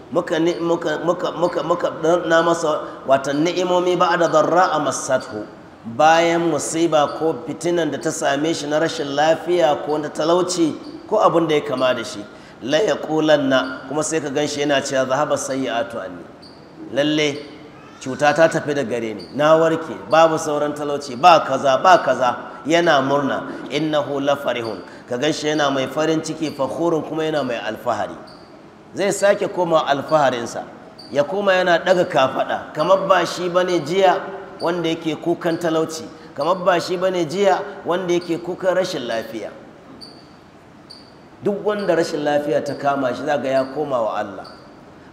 muka na masa wata ni'imomi ba da zarra a masathu bayan musiba ko fitinan da ta same shi na rashin lafiya ko na talauci ko abin da ya kama da shi kulan na kuma sai ka ganshi yana cewa zahaba a anni lalle cuta ta tafi da gare ni na warke babu sauran talauci ba kaza ba kaza yana murna innahu la farihun ka ganshi yana mai farin ciki fakhurun kuma yana mai alfahari zai sake koma alfaharinsa ya koma yana daga kafada kamar ba shi bane jiya wanda yake kukan talauci kamar ba shi bane jiya wanda yake kukan rashin lafiya duk wanda rashin lafiya ta kama shi zaga ya koma wa Allah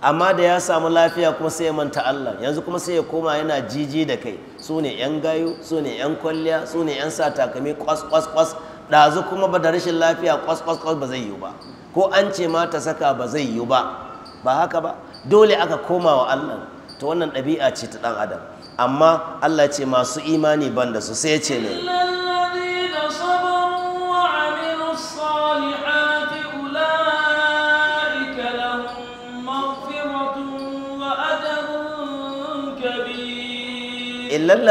amma da ya samu lafiya kuma sai ya manta Allah yanzu kuma sai ya koma yana jiji da kai su ne 'yan gayu su ne 'yan kwalliya su ne 'yan sa takami kwas kwas kwas ɗazu kuma ba da rashin lafiya kwas kwas kwas ba zai yiwu ba ko an ce ma ta saka ba zai yi ba ba haka ba dole aka koma wa Allah ta wannan ɗabi'a ce ta ɗan adam amma Allah ce masu imani banda su sai ce ne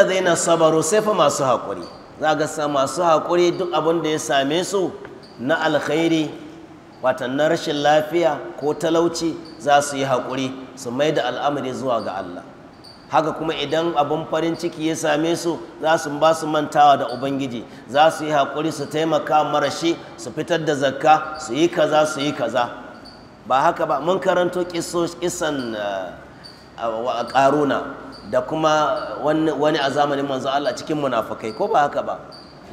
zai na sabaru sai fa masu haƙuri za ga masu haƙuri duk abin da ya same su na alkhairi watan rashin lafiya ko talauci za su yi haƙuri su mai da al'amari zuwa ga Allah haka kuma idan abin farin ciki ya same su za su ba su mantawa da ubangiji za su yi haƙuri su taimaka marashi su fitar da zakka su yi kaza su yi kaza ba haka ba mun karanto kisan karuna eh, da kuma wani a zamanin manzo Allah cikin munafukai ko ba haka ba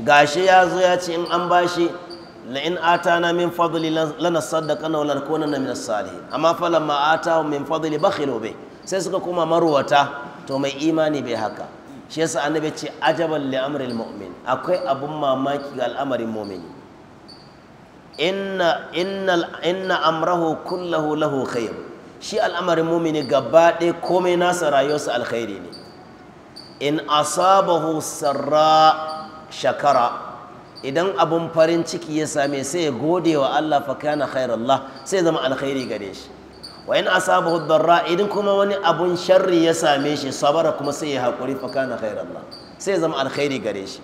gashi ya zo ya ce in an bashi ata na min fadli lana saddaqana wa lanakunanna min as-salihin amma falamma atahu min fadli bakhilu bih sai suka kuma marwata to mai imani bai haka shi yasa annabi ce ajaban li amril mu'min akwai abun mamaki ga al'amarin mu'mini inna inna inna amrahu kullahu lahu khair shi al'amarin mu'mini gaba ɗaya komai nasa rayuwarsa alkhairi ne in asabahu sarra shakara idan abun farin ciki ya same sai ya gode wa Allah fa kana Allah sai zama alkhairi gare shi wa in asabahu darra idan kuma wani abun sharri ya same shi sabara kuma sai ya hakuri fa kana Allah sai zama alkhairi gare shi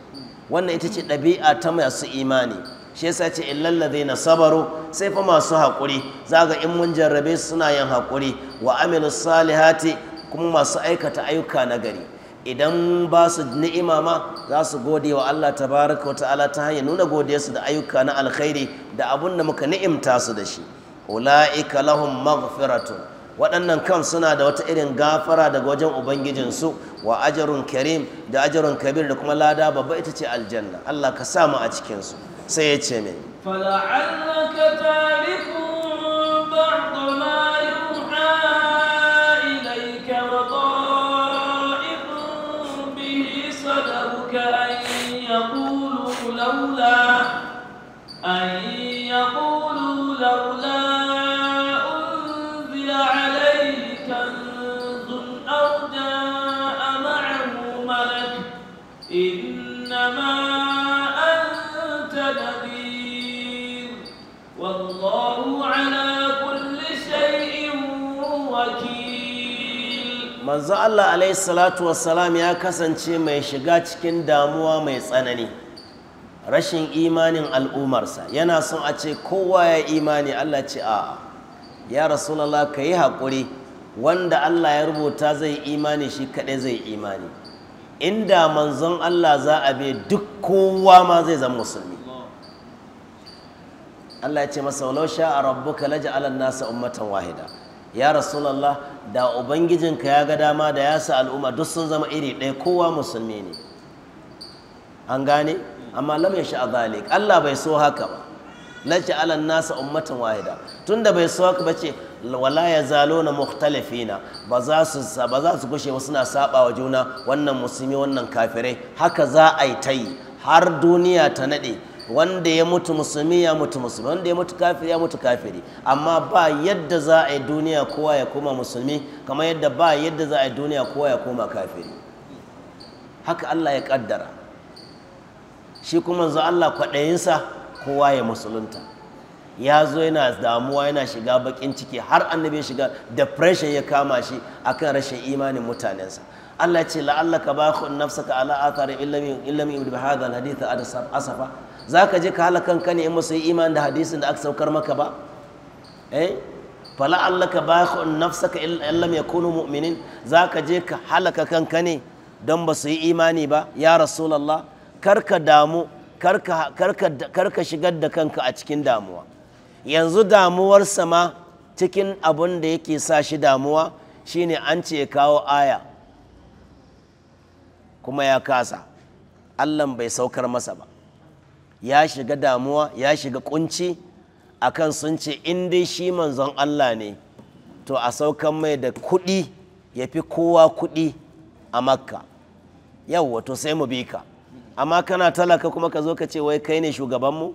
wannan ita ce ɗabi'a ta masu imani shi yasa ce illal ladina sabaru sai fa masu hakuri zaga in mun jarrabe suna yin hakuri wa amilus salihati kuma masu aikata ayyuka na gari idan ba su ni'ima ma za su gode wa Allah tabaraka wa ta'ala ta hanyar nuna godiyarsu da ayyuka na alkhairi da abun da muka ni'imta su da shi ula'ika lahum maghfiratun waɗannan kan suna da wata irin gafara daga wajen ubangijinsu wa ajarun karim da ajarun kabir da kuma lada babba ita ce aljanna Allah ka sa mu a cikin su sai ya ce me fala'allaka tarikum ba'd manzo Allah alaihi salatu wassalam ya kasance mai shiga cikin damuwa mai tsanani rashin imanin al'umarsa yana son a ce kowa ya imani Allah ce a ya rasulallah ka yi haƙuri wanda Allah ya rubuta zai imani shi kaɗai zai imani inda manzon Allah za a bai duk kowa ma zai zama musulmi Allah ya ce masa walau sha a laji alan nasa ummatan wahida ya rasulallah da ubangijinka ya ga dama da ya sa al'umma duk sun zama iri ɗaya kowa musulmi ne an gane amma lam yasha zalik Allah bai so haka ba la ja'ala nasa ummatan wahida tunda bai so haka bace wala yazaluna mukhtalifina ba za su ba za su gushe wasu na saba wa juna wannan musulmi wannan kafirai haka za a yi tayi har duniya ta nade wanda ya mutu musulmi ya mutu musulmi wanda ya mutu kafiri ya mutu kafiri amma ba yadda za a yi duniya kowa ya koma musulmi kamar yadda ba yadda za a yi duniya kowa ya koma kafiri haka Allah ya kaddara shi kuma zo Allah kwaɗayinsa kowa ya musulunta ya zo yana damuwa yana shiga bakin ciki har annabi ya shiga depression ya kama shi akan rashin imanin mutanensa Allah ce la'allaka bakhun nafsaka ala athari illam illam ibn hadha alhadith asafa zaka je ka halakan ka ne in musu iman da hadisin da aka saukar maka ba eh fala allaka bakhun nafsaka illam yakunu mu'minin zaka je ka halaka kanka ne don ba su yi imani ba ya rasulullah karka damu karka shigar da kanka a cikin damuwa yanzu damuwar sama cikin abin da yake sa shi damuwa shine an ce kawo aya kuma ya kasa Allah bai saukar masa ba ya shiga damuwa ya shiga kunci akan sun ce in dai shi manzon allah ne to a saukan mai da kuɗi ya fi kowa kuɗi a makka yau wato sai mu bi ka amma kana talaka kuma ka zo ka ce wai kai ne shugabanmu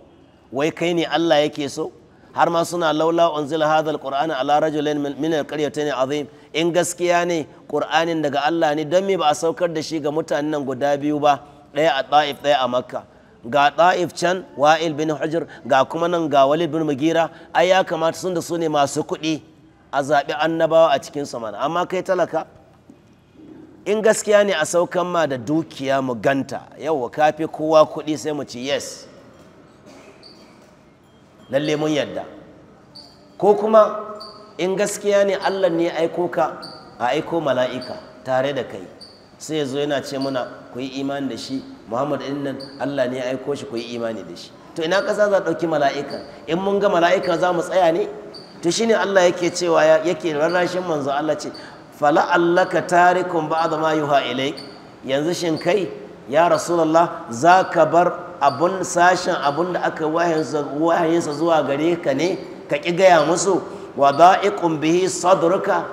wai kai ne Allah yake so har ma suna laula unzil hadha alquran ala rajulin min alqaryatayn azim in gaskiya ne qur'anin daga Allah ne dan me ba a saukar da shi ga mutanen nan guda biyu ba daya a ta'if daya a makka ga ta'if can wa'il bin hujr ga kuma nan ga walid bin mugira ai ya kamata sun da su ne masu kuɗi a zaɓi annabawa a cikin su mana amma kai talaka in gaskiya ne a saukan ma da dukiya mu ganta yau ka fi kowa kuɗi sai mu ci yes lalle mun yadda ko kuma in gaskiya ne allah ne aiko ka a aiko mala'ika tare da kai sai ya zo yana ce muna ku yi imani da shi muhammad din nan allah ne aiko shi ku yi imani da shi to ina kasa za ɗauki mala'ika in mun ga mala'ika za mu tsaya ne to shine allah yake cewa yake rarrashin manzo allah ce fala'allaka tarikun ba'da ma yuha ilaik yanzu shin kai ya rasulullah zaka bar abun sashen abun da aka wahayinsa zuwa gare ka ne ka ki gaya musu wa da'iqun bihi sadruka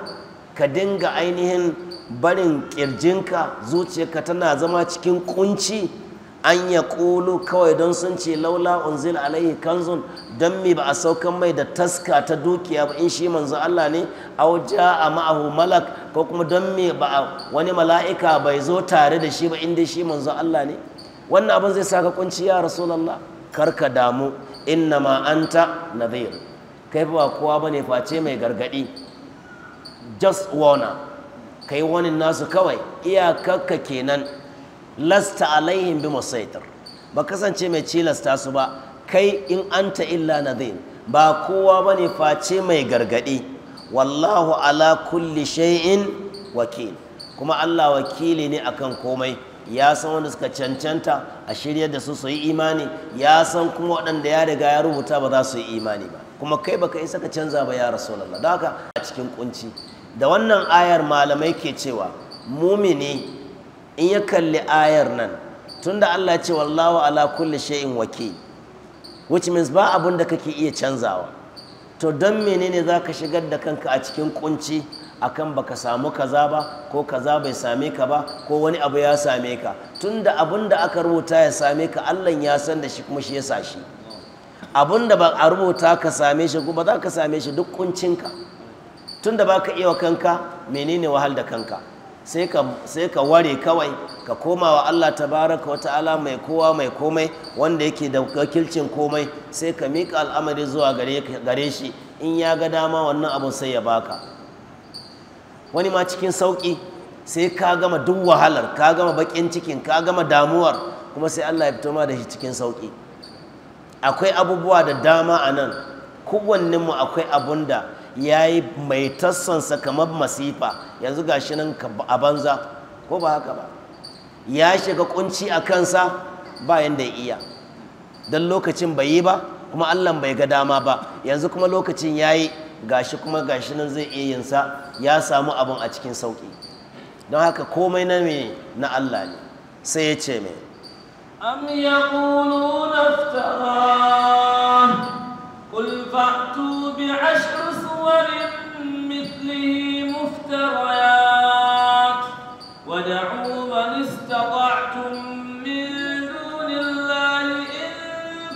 ka dinga ainihin barin kirjinka zuciyarka tana zama cikin ƙunci. an ya ƙulu kawai don sun ce laula unzil alaihi kanzun don mi ba a saukan mai da taska ta dukiya ba in shi manzo Allah ne au a ma'ahu malak ko kuma don mi ba wani mala'ika bai zo tare da shi ba in dai shi manzo Allah ne wannan abin zai saka kunci ya rasulullah karka damu inna ma anta nadhir kai ba kowa bane face mai gargadi just warner kai wani nasu kawai iyakarka kenan lasta alaihim bi musaitir ba kasance mai cilasta su ba kai in anta illa nadhir ba kowa ba ne face mai gargadi wallahu ala kulli shay'in wakil kuma Allah wakili ne akan komai ya san wanda suka cancanta a shiryar da su su imani ya san kuma waɗanda ya riga ya rubuta ba za su yi imani ba kuma kai baka isa ka canza ba ya rasulullah Da haka a cikin kunci da wannan ayar malamai ke cewa mumini in ya kalli ayar nan tunda Allah ce wallahu ala kulle shay'in wakil which means ba abun da kake iya canzawa to don menene zaka shigar da kanka a cikin kunci akan baka samu kaza ba ko kaza bai same ka ba ko wani abu ya same ka tunda abun da aka rubuta ya same ka Allah ya san da shi kuma shi ya sa shi abun da ba a rubuta ka same shi ba za ka same shi duk kuncinka tunda baka iya wa kanka menene wahal da kanka sai ka ware kawai ka koma wa Allah tabaraka wa ta'ala mai kowa mai komai wanda yake da wakilcin komai sai ka miƙa al'amari zuwa gare shi in ya ga dama wannan abun sai ya baka wani ma cikin sauƙi sai ka gama duk wahalar ka gama baƙin cikin ka gama damuwar kuma sai Allah ya fito ma da shi cikin sauƙi akwai abubuwa da dama a nan kowanninmu akwai abun da ya yi mai tassansa kamar masifa yanzu ga shi nan a banza ko ba haka ba ya shiga kunci a kansa ba yadda ya iya don lokacin bai yi ba kuma allah bai ga dama ba yanzu kuma lokacin ya yi gashi kuma shi nan zai iya yinsa ya samu abin a cikin sauƙi don haka komai na me na allah ne sai ya ce mai قل فأتوا بعشر صور مثله مفتريات ودعوا من استطعتم من دون الله إن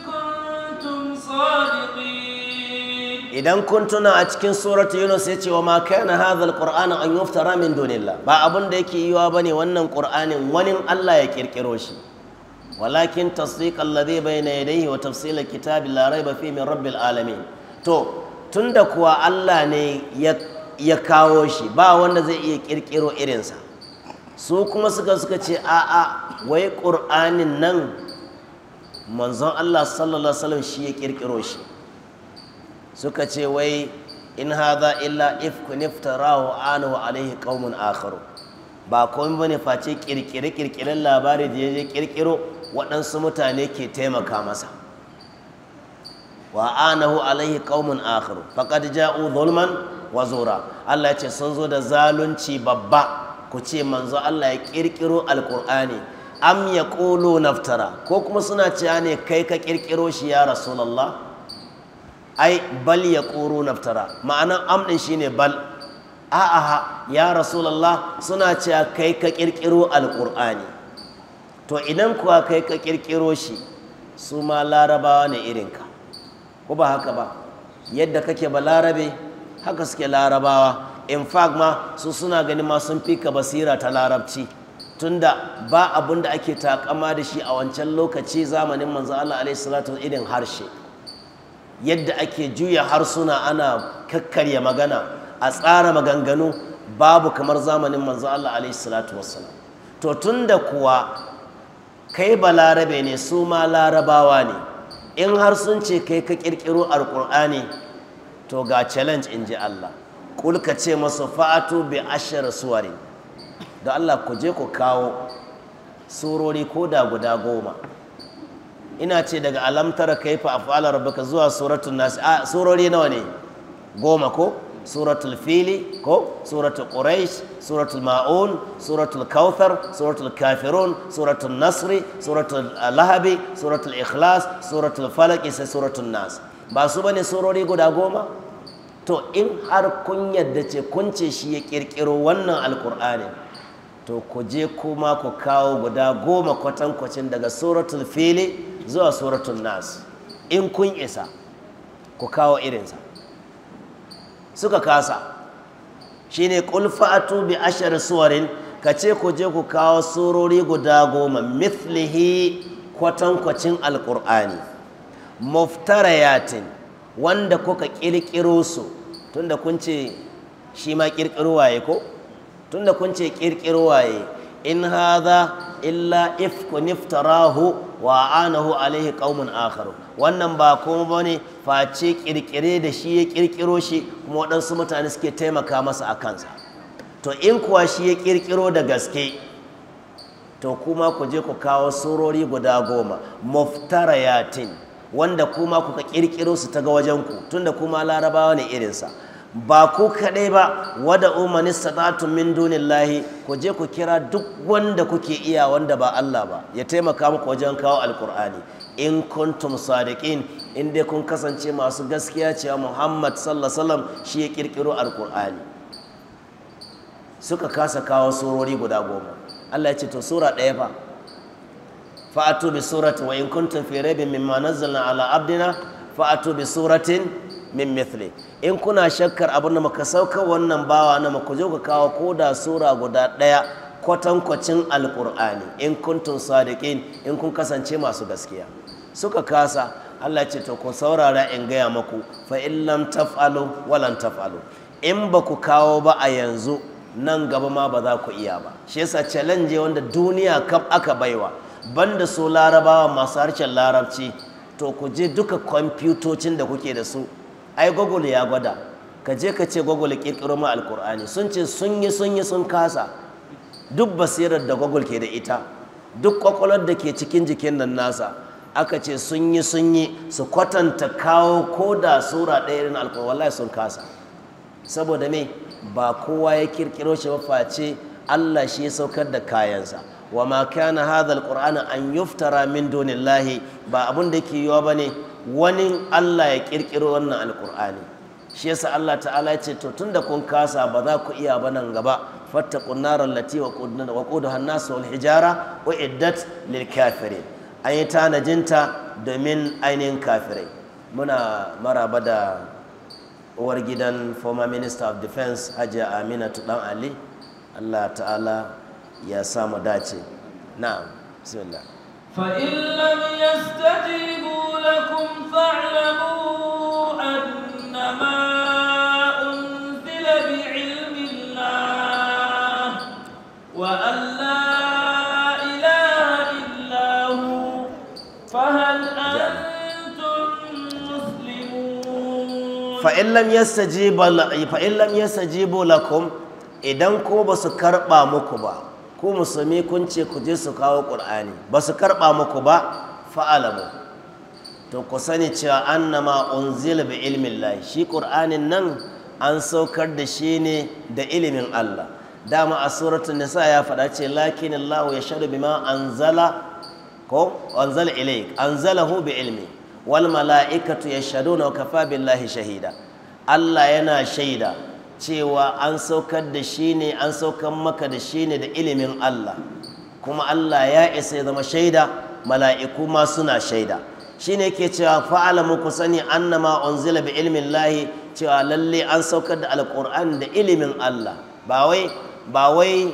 كنتم صادقين إذا كنتنا أتكن سورة يونس يتي وما كان هذا القرآن أن يفترى من دون الله با أبن ديكي يوابني ونن قرآن ونن الله يكير كروشي walakin tasdiq alladhi bayna yadayhi wa tafsil kitabi la raiba fi min rabbil alamin to tunda kuwa Allah ne ya kawo shi ba wanda zai iya kirkiro irinsa su kuma suka suka ce a'a wai ƙur'anin nan manzon Allah sallallahu alaihi wasallam shi ya kirkiro shi suka ce wai in hadha illa ifkun iftarahu anu wa alaihi qaumun akharu ba komai bane face kirkire kirkiren labari da ya je kirkiro waɗansu mutane ke taimaka masa wa anahu alaihi qaumun akhiru faqad ja'u zulman wa zura Allah ya ce sun zo da zalunci babba ku ce manzo Allah ya kirkiro alqur'ani am yaqulu naftara ko kuma suna cewa ne kai ka kirkiro shi ya rasulullah ai bal yaqulu naftara ma'anan am din shine bal a'a ya rasulullah suna cewa kai ka kirkiro alqur'ani to idan kuwa kai ka kirkiro shi su ma larabawa ne irinka ko ba haka ba yadda kake ba larabe haka suke larabawa in fact ma su suna gani ma sun fi ka basira ta larabci tunda ba abun da ake takama da shi a wancan lokaci zamanin manzo Allah alaihi salatu irin harshe yadda ake juya harsuna ana kakkarya magana a tsara maganganu babu kamar zamanin manzo Allah alaihi salatu wassalam to tunda kuwa kai ba larabe ne su ma larabawa ne in har sun ce kai ka ƙirƙiro alƙur'ani to ga challenge in ji Allah kulka ce masu fa'atu bi ashir suwari da Allah ku je ku kawo surori ko da guda goma ina ce daga alamtar kaifa fa'afalar baka zuwa suratun nasi a surori nawa ne goma ko suratul fili ko suratul quraish suratul ma'un suratul kauthar suratul kafirun suratul nasri suratul lahabi suratul ikhlas suratul falak isa suratul nas ba su bane surori guda goma to in har kun yadda ce kun ce shi ya kirkiro wannan alkur'ani to ku je kuma ku kawo guda goma kwatankwacin daga suratul fili zuwa suratul nas in kun isa ku kawo irinsa suka kasa shine kulfa a bi ashar suwarin ka ce ku je ku kawo surori guda goma mithlihi kwatankwacin muftara muftarayatin wanda kuka kirkiro su tunda kun ce shi ma kirkiro waye ko tunda kun ce kirkiro waye in haza illa ifku niftarahu wa anahu alaihi qaumun akharu wannan ba kuma bane face kirkire da shi ya kirkiro shi kuma waɗansu mutane suke taimaka masa a kansa to in kuwa shi ya kirkiro da gaske to kuma ku je ku kawo surori guda goma muftarayatin wanda kuma kuka kirkiro su ta ga wajen ku tunda kuma larabawa ne irinsa ba ku kaɗai ba wada umani sadatu min dunillahi ku je ku kira duk wanda kuke iya wanda ba Allah ba ya taimaka muku wajen kawo alkur'ani in kuntum sadiqin in dai kun kasance masu gaskiya cewa Muhammad sallallahu alaihi shi ya kirkiro alkur'ani suka kasa kawo surori guda goma Allah ya ce to sura ɗaya fa fa'atu bi surati wa in kuntum fi raibin mimma nazzalna ala abdina fa'atu bi suratin min mithli in kuna shakkar abin da muka sauka wannan bawa na muku zo ka kawo ko da sura guda ɗaya kwatankwacin alkur'ani in kuntum sadiqin in kun kasance masu gaskiya suka kasa Allah ce to ku saurara in gaya maku fa in lam taf'alu walan taf'alu in ba ku kawo ba a yanzu nan gaba ma ba za ku iya ba shi yasa challenge wanda duniya kaf aka baiwa banda su larabawa masu harshen larabci to ku je duka kwamfutocin da kuke da su ai google ya gwada ka je ka ce google kirkiro ma alkur'ani sun ce sun yi sun yi sun kasa duk basirar da google ke da ita duk kwakwalwar da ke cikin jikin nan nasa aka ce sun yi sun yi su kwatanta kawo ko da sura ɗaya irin alkur'ani wallahi sun kasa saboda me ba kowa ya kirkiro shi ba face Allah shi ya saukar da kayansa wa ma kana hadha alqur'ana an yuftara min dunillahi ba abun da yake yiwa bane wani Allah ya kirkiro wannan alkur'ani shi yasa Allah ta'ala ya ce to tunda kun kasa ba za ku iya ba nan gaba fattaqun naral lati wa qudna wa qudaha an wal hijara wa iddat lil kafirin an yi tanajinta domin ainihin kafirai muna maraba da uwar gidan former minister of defense hajiya aminatu dan ali Allah ta'ala ya samu dace na'am bismillah فإن لم يستجيبوا لكم فاعلموا أنما أنزل بعلم الله وأن لا إله إلا هو فهل أنتم مسلمون فإن لم يستجيبوا لكم إذا كوبا سكربا مكبا ku musulmi kun ce ku je su kawo ƙur'ani ba su karɓa muku ba fa'alamu to ku sani cewa annama unzila bi ilmin lahi shi ƙur'anin nan an saukar da shi ne da ilimin Allah dama a suratul nisa ya faɗa ce lakin Allah ya shaɗu bima anzala ko anzala anzalahu bi ilmi wal mala'ikatu yashhaduna wa kafa billahi shahida Allah yana shaida cewa an saukar da shi ne an saukar maka da shi ne da ilimin Allah kuma Allah ya isa ya zama shaida mala'iku ma suna shaida shi ne ke cewa fa'ala muku sani annama unzila bi ilimin lahi cewa lalle an saukar da alƙur'an da ilimin Allah ba wai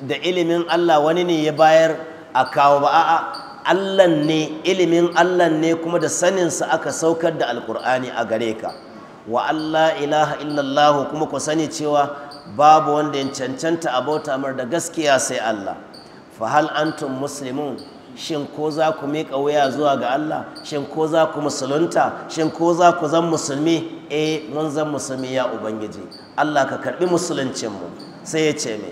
da ilimin Allah wani ne ya bayar a kawo ba a'a Allah ne ilimin Allah ne kuma da saninsa aka saukar da alƙur'ani a gare ka wa Allah ilaha illallah kuma ku sani cewa babu wanda ya cancanta a bauta mar da gaskiya sai Allah fa hal antum muslimun shin ko za ku miƙa wuya zuwa ga Allah shin ko za ku musulunta shin ko za ku zan musulmi eh mun zan musulmi ya ubangiji Allah ka karbi musuluncin mu sai ya ce me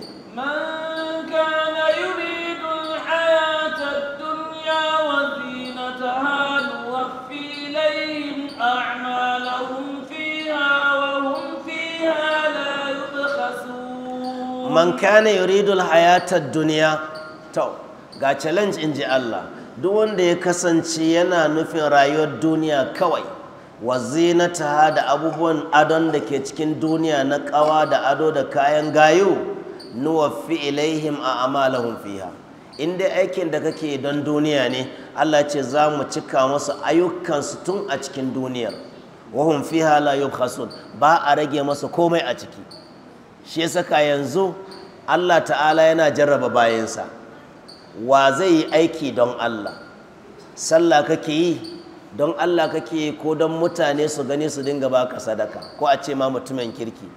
man kana ridul hayatar duniya to ga challenge in ji Allah duk wanda ya kasance yana nufin rayuwar duniya kawai wa zinataha da abubuwan adon da ke cikin duniya na kawa da ado da kayan gayu nuwaffi ilaihim a amalahum fiha in dai aikin da kake don duniya ne Allah ce za mu cika masu ayyukansu tun a cikin duniyar wahum fiha la yubkhasun ba a rage masa komai a ciki shi ya saka yanzu Allah ta'ala yana jarraba bayansa wa zai yi aiki don Allah sallah kake yi don Allah kake yi ko don mutane su gani su dinga baka sadaka ko a ce ma mutumin kirki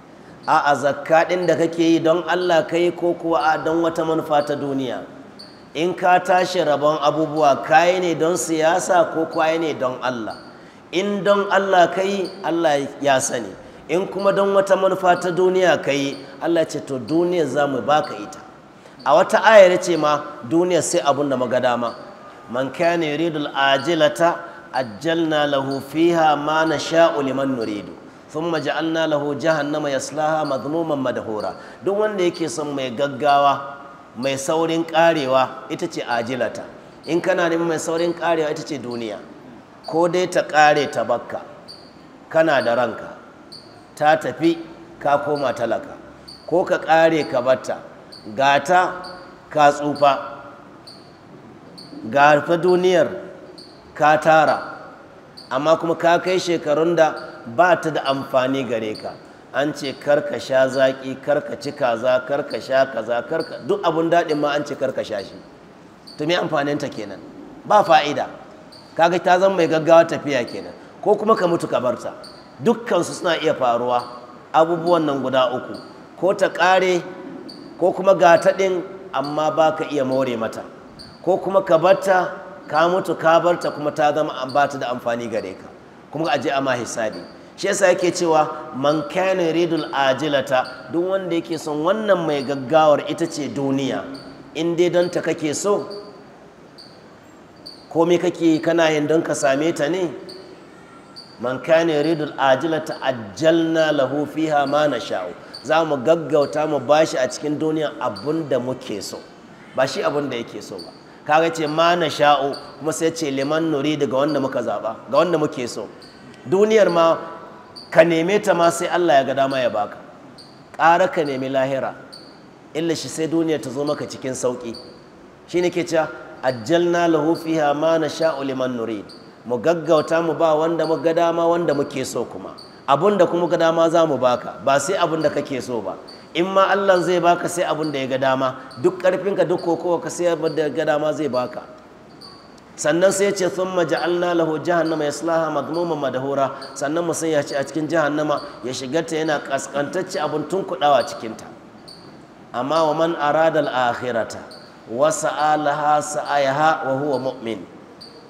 a zakka ɗin da kake yi don Allah kai ko kuwa a don wata manufa ta duniya in ka tashi rabon abubuwa ka yi ne don siyasa ko kwaye ne don Allah in don Allah ka yi, Allah ya sani in kuma don wata manufa ta duniya ka yi Allah ce to duniya za mu baka ita a wata ayar ce ma duniya sai abun da magada dama man kana ridul ajilata na lahu fiha ma sha'u liman nuridu thumma ja'alna lahu jahannama yaslaha madhmuman madahura duk wanda yake son mai gaggawa mai saurin karewa ita ce ajilata in kana neman mai saurin karewa ita ce duniya ko dai ta kare ta bakka kana da ranka ta tafi ka koma talaka ko ka kare ka batta ta ka tsufa ga gafa duniyar ka tara amma kuma ka kai shekarun da ba ta da amfani gare ka an ce karka sha zaƙi karka ci kaza karka sha kaza karka duk abun daɗin ma an ce karka sha shi mai amfanin amfaninta kenan ba fa'ida kaga ta zama mai gaggawa tafiya kenan ko kuma ka mutu ka barta dukkansu suna iya faruwa abubuwan nan guda uku ko ta ƙare ko kuma gata ɗin amma ba ka iya more mata ko kuma ka barta ka mutu ka barta kuma ta zama an bata da amfani gare ka kuma aje a hisabi shi yasa yake cewa man kana ridul ajilata duk wanda yake son wannan mai gaggawar ita ce duniya in dai don ta kake so komai kake kana yin don ka same ta ne man kana yuridu al-ajilata ajjalna lahu fiha ma nasha'u za mu gaggauta mu bashi a cikin duniya abun da muke so ba shi abun da yake so ba kaga ce ma nasha'u kuma sai ce liman nuri daga wanda muka zaba ga wanda muke so duniyar ma ka neme ta ma sai Allah ya ga dama ya baka ƙara ka nemi lahira illa shi sai duniya ta zo maka cikin sauƙi shine ke cewa ajjalna lahu fiha ma nasha'u liman nuri. mu gaggauta mu ba wanda muka dama wanda muke so kuma abun da kuma ga dama za mu baka ba sai abun da kake so ba in ma Allah zai baka sai abun da ya ga dama duk karfinka duk kokowa ka sai abun da ya ga dama zai baka sannan sai ya ce sun allah la lahu jahannama yaslaha madmuma madhura sannan musan ya ci a cikin jahannama ya shiga ta yana kaskantacce abun tun cikin ta amma wa man arada al-akhirata wa sa'alaha sa'ayaha wa huwa mu'min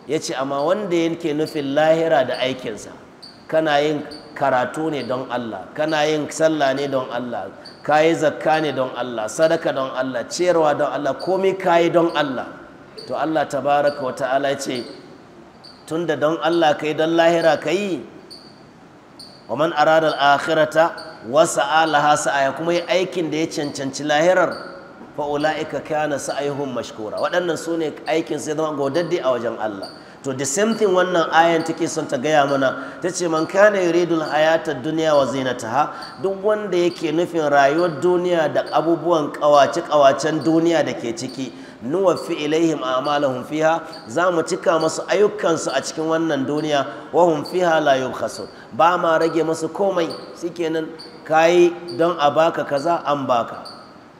ya ce amma wanda yake nufin lahira da aikinsa kana yin karatu ne don Allah kana yin sallah ne don Allah ka yi zakka ne don Allah sadaka don Allah ciyarwa don Allah komai ka yi don Allah to Allah tabaraka wa ta'ala ce tunda don Allah ka yi don lahira ka yi wa man arada akhirata wa sa'alaha sa'a kuma yi aikin da ya cancanci lahirar fa'ula'ika ulaika kana sa'ihum mashkura waɗannan su ne aikin sai zama godadde a wajen Allah to the same thing wannan ayan take son ta gaya mana ta ce man kana yuridul hayata duniya wa zinataha duk wanda yake nufin rayuwar duniya da abubuwan kawace kawacen duniya da ke ciki nuwaffi ilaihim a'malahum fiha za mu cika masu ayyukansu a cikin wannan duniya wa hum fiha la yubkhasun ba ma rage masu komai shikenan kayi don a baka kaza an baka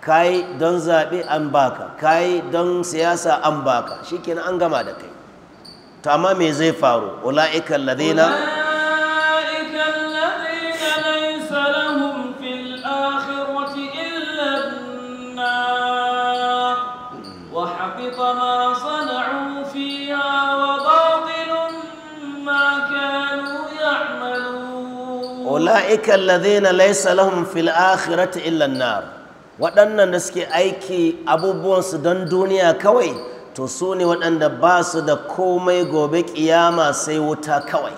kai don zaɓe an baka kai don siyasa an baka shikenan an gama da kai to amma me zai faru ula'ika alladhina ula'ika alladhina laysa lahum fil akhirati illa an waɗannan da suke aiki abubuwansu don duniya kawai to su ne waɗanda ba su da komai gobe ƙiyama sai wuta kawai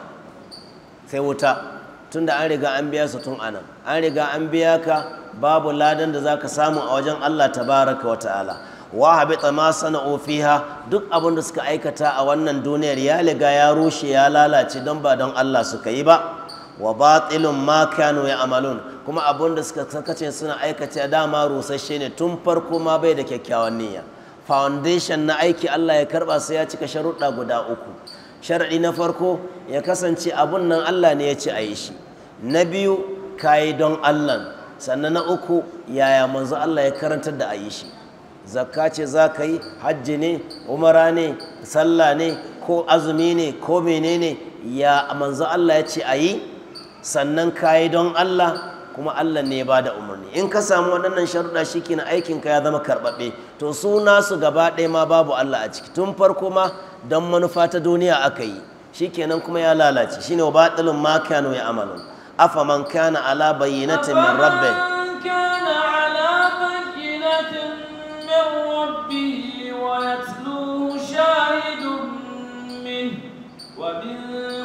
sai wuta tun da an riga an biya su tun anan an riga an biya ka babu ladan da za ka samu a wajen allah tabaraka wa ta'ala wa habita tsama sana'o fiha duk abin da suka aikata a wannan duniyar ya riga ya rushe ya lalace don ba don allah suka yi ba wa batilun ma ya amalun kuma abun da suka kace suna aikata dama rusasshe ne tun farko ma bai da kyakkyawan niyya foundation na aiki Allah ya karba sai ya cika sharuɗa guda uku sharadi na farko ya kasance abun nan Allah ne ya ci a yi shi na biyu kayi don Allah sannan na uku yaya manzo Allah ya karanta da a yi shi zakka ce za ka yi hajji ne umara ne sallah ne ko azumi ne ko menene ya manzo Allah ya ce a yi sannan ka don Allah kuma Allah ne ba da umarni in ka samu waɗannan sharuɗa shi aikin aikinka ya zama karɓaɓe to su nasu gaba ɗaya ma babu Allah a ciki tun farko ma don manufa ta duniya aka yi shi kenan kuma ya lalace shi ne wa baɗalin ma kanu ya amalun afa man kana ala bayyinatin min rabbih ومن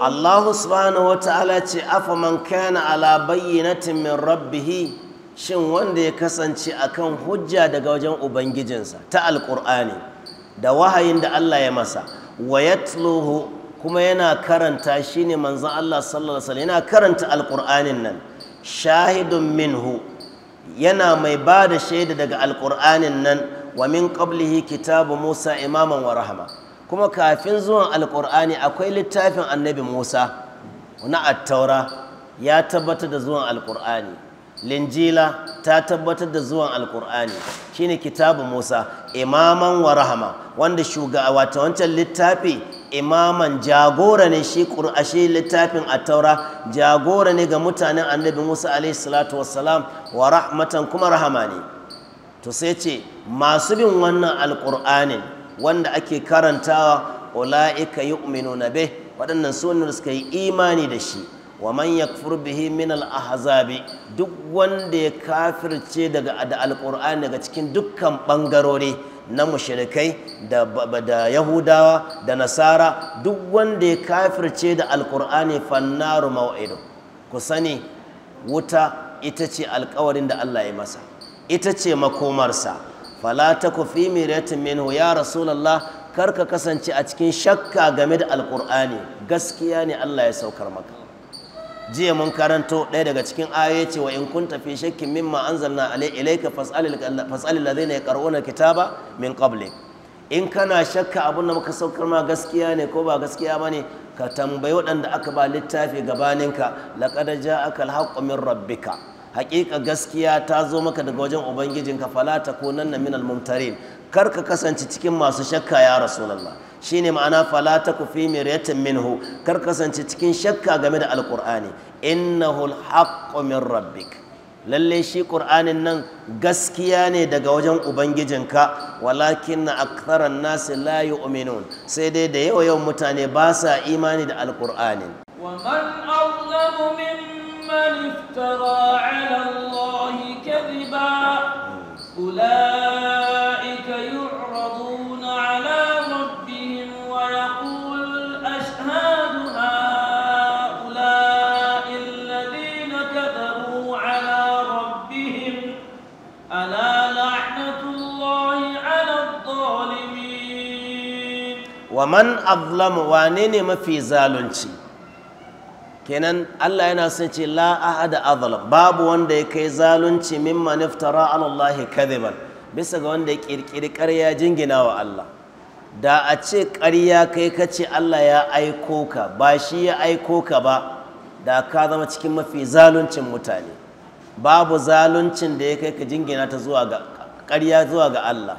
Allah subhanahu wata'ala ce afa man kana ala bayyinatin min rabbihi shin wanda ya kasance akan hujja daga wajen ubangijinsa ta alkur'ani da wahayin da Allah ya masa wa yatluhu kuma yana karanta shine manzon Allah sallallahu alaihi wasallam yana karanta alkur'anin nan shahidun minhu yana mai ba da shaida daga alkur'anin nan wa min qablihi kitabu Musa imaman wa Rahma. kuma kafin zuwan Alƙur'ani, akwai littafin annabi musa na attaura ya tabbatar da zuwan Alƙur'ani. linjila ta tabbatar da zuwan alkur'ani shine kitabu musa imaman wa rahama wanda shugaba wata wancan littafi imaman jagora ne shi ƙur'ashe littafin attaura jagora ne ga mutanen annabi musa alaihi salatu wassalam wa rahmatan kuma rahama ne to sai ce masu bin wannan Alƙur'anin. wanda ake karantawa ula'ika yu'minuna bih waɗannan sunan suka yi imani da shi wa man yakfur bihi min al ahzabi duk wanda ya kafirce daga da qurani daga cikin dukkan bangarori na mushrikai da da yahudawa da nasara duk wanda ya kafirce da al-qur'ani fannaru maw'idu ku sani wuta ita ce alƙawarin da Allah ya masa ita ce makomarsa fala taku fi miratin minhu ya rasulallah kar ka kasance a cikin shakka game da alkur'ani gaskiya ne Allah ya saukar maka jiya mun karanto ɗaya daga cikin ayoyi ce wa in kun tafi shakkin mimma anzalna alai ilayka fas'alil fas'alil ladina yaqra'una kitaba min qablik in kana shakka abun da muka saukar ma gaskiya ne ko ba gaskiya bane ka tambayi waɗanda aka ba littafi gabaninka laqad ja'aka alhaqqu min rabbika haƙiƙa gaskiya ta zo maka daga wajen ubangijin ubangijinka fala takunanna minal mumtarin kar ka kasance cikin masu shakka ya rasulullah shine ma'ana fala ku fi miryatin minhu kar kasance cikin shakka game da alqur'ani innahu alhaqqu min rabbik lalle shi qur'anin nan gaskiya ne daga wajen ubangijin ka walakin aktharan nasi la yu'minun sai dai da yawa yawan mutane ba sa imani da alqur'anin wa man من افترى على الله كذبا أولئك يعرضون على ربهم ويقول الأشهاد هؤلاء الذين كذبوا على ربهم ألا لعنة الله على الظالمين ومن أظلم وانين في ظالمين kenan Allah yana son ce la ahada azlam babu wanda ya kai zalunci mimma niftara an Allah kadhiban bisa ga wanda ya kirkiri ƙarya jingina wa Allah da a ce ƙarya kai ka ce Allah ya aiko ka ba shi ya aiko ka ba da ka zama cikin mafi zaluncin mutane babu zaluncin da ya kai ka jingina ta zuwa ga ƙarya zuwa ga Allah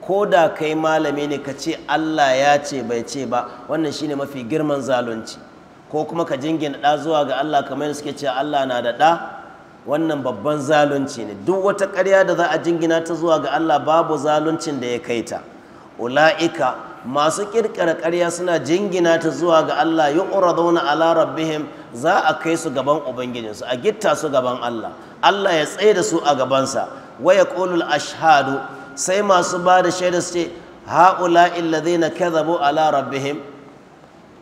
ko da kai malami ne ka ce Allah ya ce bai ce ba wannan shine mafi girman zalunci ko kuma ka jingina ɗa zuwa ga Allah kamar suke cewa Allah na da ɗa wannan babban zalunci ne duk wata ƙarya da za a jingina ta zuwa ga Allah babu zaluncin da ya kai ta ula'ika masu ƙirƙira ƙarya suna jingina ta zuwa ga Allah yi zauna ala rabbihim za a kai su gaban ubangijinsu a gitta su gaban Allah Allah ya tsaye da su a gabansa waya ƙolul ashhadu sai masu ba da shaida su ce ha'ula na kadhabu ala rabbihim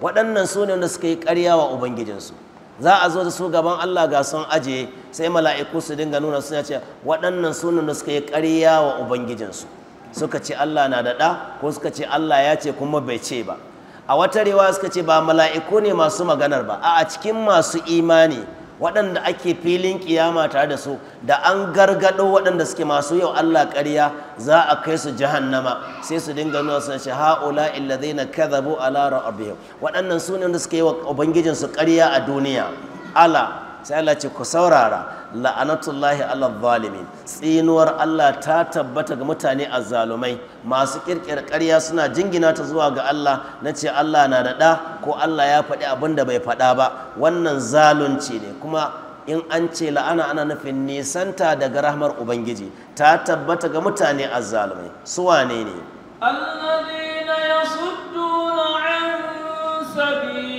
waɗannan su ne wanda suka yi ƙarya wa ubangijinsu za a zo da su gaban Allah ga sun ajiye sai mala'iku su dinga nuna suna ce waɗannan su ne wanda suka yi ƙarya wa ubangijinsu suka ce Allah na daɗa ko suka ce Allah ya ce kuma bai ce ba a wata rewa suka ce ba mala'iku ne masu maganar ba a cikin masu imani waɗanda ake filin kiyama tare da su da an gargaɗo waɗanda suke masu yau Allah ƙarya za a kai su jahannama sai su dinga nuna sun shi ha'ula illadaina kadhabu ala rabbihim waɗannan suna da wanda suke yi wa su ƙarya a duniya ala sai Allah ce ku saurara la'anatullahi ala zalimin tsinuwar Allah ta tabbata ga mutane azzalumai masu kirkir ƙarya suna jingina ta zuwa ga Allah na ce Allah na daɗa ko Allah ya faɗi abin da bai faɗa ba wannan zalunci ne kuma in an ce la'ana ana nufin nisanta daga rahmar ubangiji ta tabbata ga mutane azzalumai su wane ne na yasudduna an sabi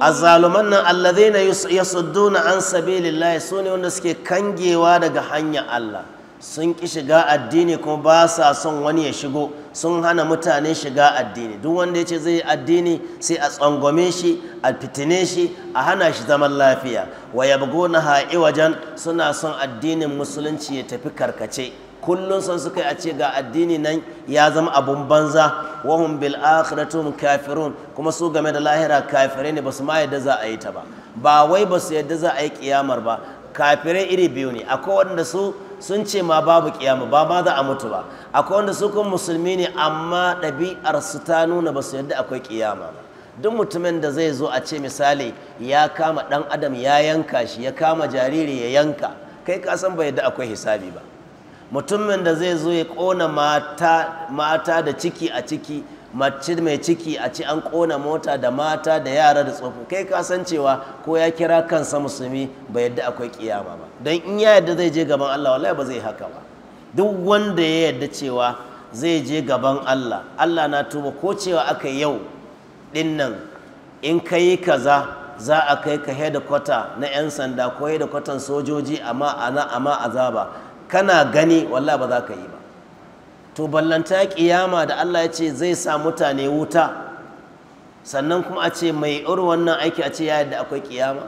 azzaluman nan Allah allazina yasudduna an sabilillahi sune wanda suke kangewa daga hanyar Allah sun ki shiga addini kuma ba sa son wani ya shigo sun hana mutane shiga addini duk wanda ya ce zai yi addini sai a tsangwame shi a fitine shi a hana shi zaman lafiya wa na ha'i wajen suna son addinin musulunci ya tafi karkace Kullum sun suka a ce ga addini nan ya zama abun banza wahun bil akhiratum kafirun kuma su game da lahira kafirai ne basu ma yadda za a yi ta ba ba wai basu yadda za a yi kiyamar ba kafirai iri biyu ne akwai wanda su sun ce ma babu kiyama ba ma za a mutu ba akwai wanda su kun musulmi ne amma ɗabi'ar su ta nuna ba su yadda akwai kiyama ba duk mutumin da zai zo a ce misali ya kama ɗan adam ya yanka shi ya kama jariri ya yanka kai ka san bai yadda akwai hisabi ba mutumin da zai zo ya kona mata, da ciki a ciki mace mai ciki a ci an kona mota da mata da yara da tsofaffi. kai ka san cewa ko ya kira kansa musulmi Ba yadda akwai kiyama ba don in ya yadda zai je gaban Allah wallahi ba zai haka ba duk wanda ya yadda cewa zai je gaban Allah Allah na tuba ko cewa aka yau dinnan nan in ka yi kaza za a kai ka headquarter na 'yan sanda ko headquarter sojoji amma ana amma azaba kana gani wallah ba za ka yi ba to ballanta kiyama da Allah ya ce zai sa mutane wuta sannan kuma a ce mai irin wannan aiki a ce ya yadda akwai kiyama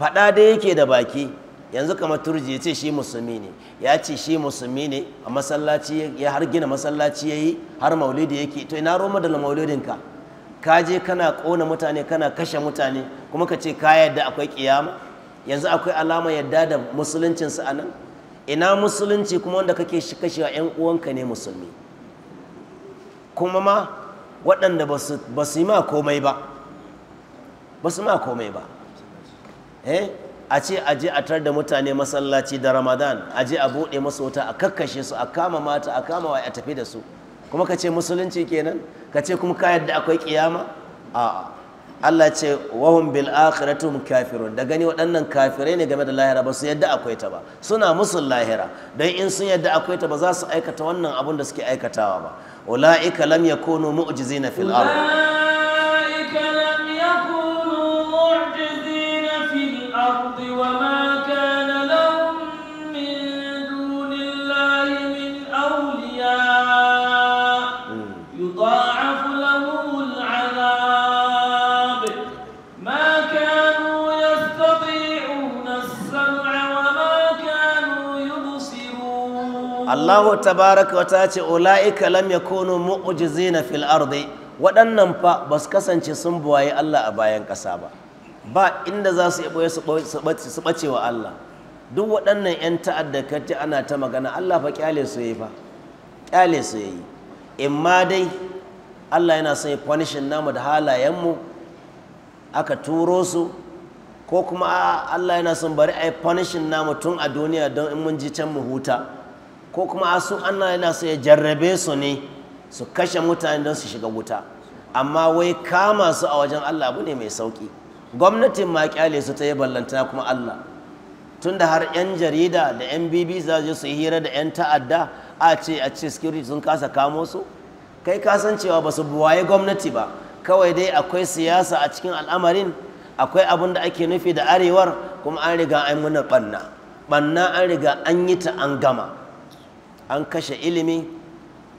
faɗa dai yake da baki yanzu kamar turji ya ce shi musulmi ne ya ce shi musulmi ne a masallaci ya har gina masallaci ya yi har maulidi yake to ina roma da maulidinka ka je kana kona mutane kana kashe mutane kuma ka ce ka yadda akwai kiyama yanzu akwai alama yadda da musuluncinsu a nan ina musulunci kuma wanda kake shi kashewa 'yan uwanka ne musulmi kuma ma waɗanda ba su yi ma komai ba ba su ma komai ba eh? a ce a je a tar da mutane masallaci da ramadan a je a buɗe masu wuta a kakkashe su a kama mata a kama wa a tafi da su kuma ka ce musulunci kenan ka ce kuma ka yadda akwai kiyama a'a Allah ce wahum bil akhiratum kafirun da gani waɗannan kafirai ne game da lahira ba su yadda akwai ta ba suna musun lahira don in sun yadda akwai ta ba za su aikata wannan abun da suke aikatawa ba ulaika lam yakunu mu'jizina fil ard ulaika lam yakunu mu'jizina fil ard Allahu ta wa ta'ala ce ulaika lam yakunu mu'jizina fil ardi waɗannan fa ba su kasance sun buwaye Allah a bayan ƙasa ba ba inda za su yabo su bace wa Allah duk waɗannan 'yan ta'adda ka ana ta magana Allah fa kyale su yayi fa kyale su yayi in ma dai Allah yana son ya punishin namu da halayenmu aka turo su ko kuma Allah yana son bari a yi punishin namu tun a duniya don in mun ji can mu huta ko kuma su Allah yana so ya jarrabe su ne su kashe mutane don su shiga wuta amma wai kama su a wajen Allah abu ne mai sauki gwamnatin ma kyale su ta yi ballanta kuma Allah tunda har 'yan jarida da 'yan bibi za su yi hira da 'yan ta'adda a ce a ce security sun kasa kamo su kai kasan cewa ba su buwaye gwamnati ba kawai dai akwai siyasa a cikin al'amarin akwai abin da ake nufi da arewar kuma an riga an banna banna an riga an yi ta an gama an kashe ilimi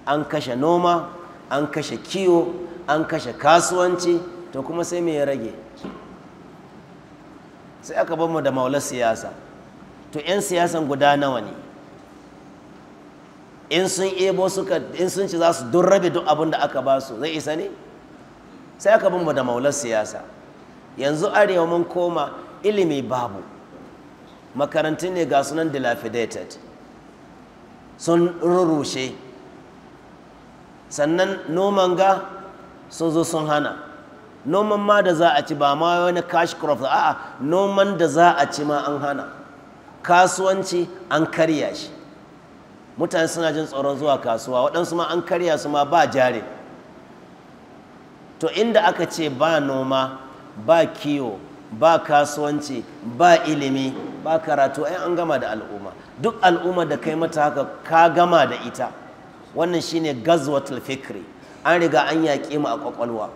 an kashe noma an kashe kiwo an kashe kasuwanci to kuma sai mai ya rage sai aka mu da maular siyasa to 'yan siyasan guda nawa ne in sun ebo suka in sun ci za su don rabe duk abin da aka ba su zai isa ne sai aka mu da maular siyasa yanzu arewa mun koma ilimi babu makarantun ne ga sunan dilapidated sun rurushe. sannan noman ga sun zo sun hana noman ma da za a ci ba ma wani cash crop a'a noman da za a ci ma an hana kasuwanci an karya shi mutane suna jin tsoron zuwa kasuwa waɗansu ma an karya su ma ba jari to inda aka ce ba noma ba kiwo ba kasuwanci ba ilimi ba karatu ai an gama da al'umma duk al'ummar da kai mata haka ka gama da ita wannan shine gazwatul fikri an riga an yaƙe mu a kwakwalwa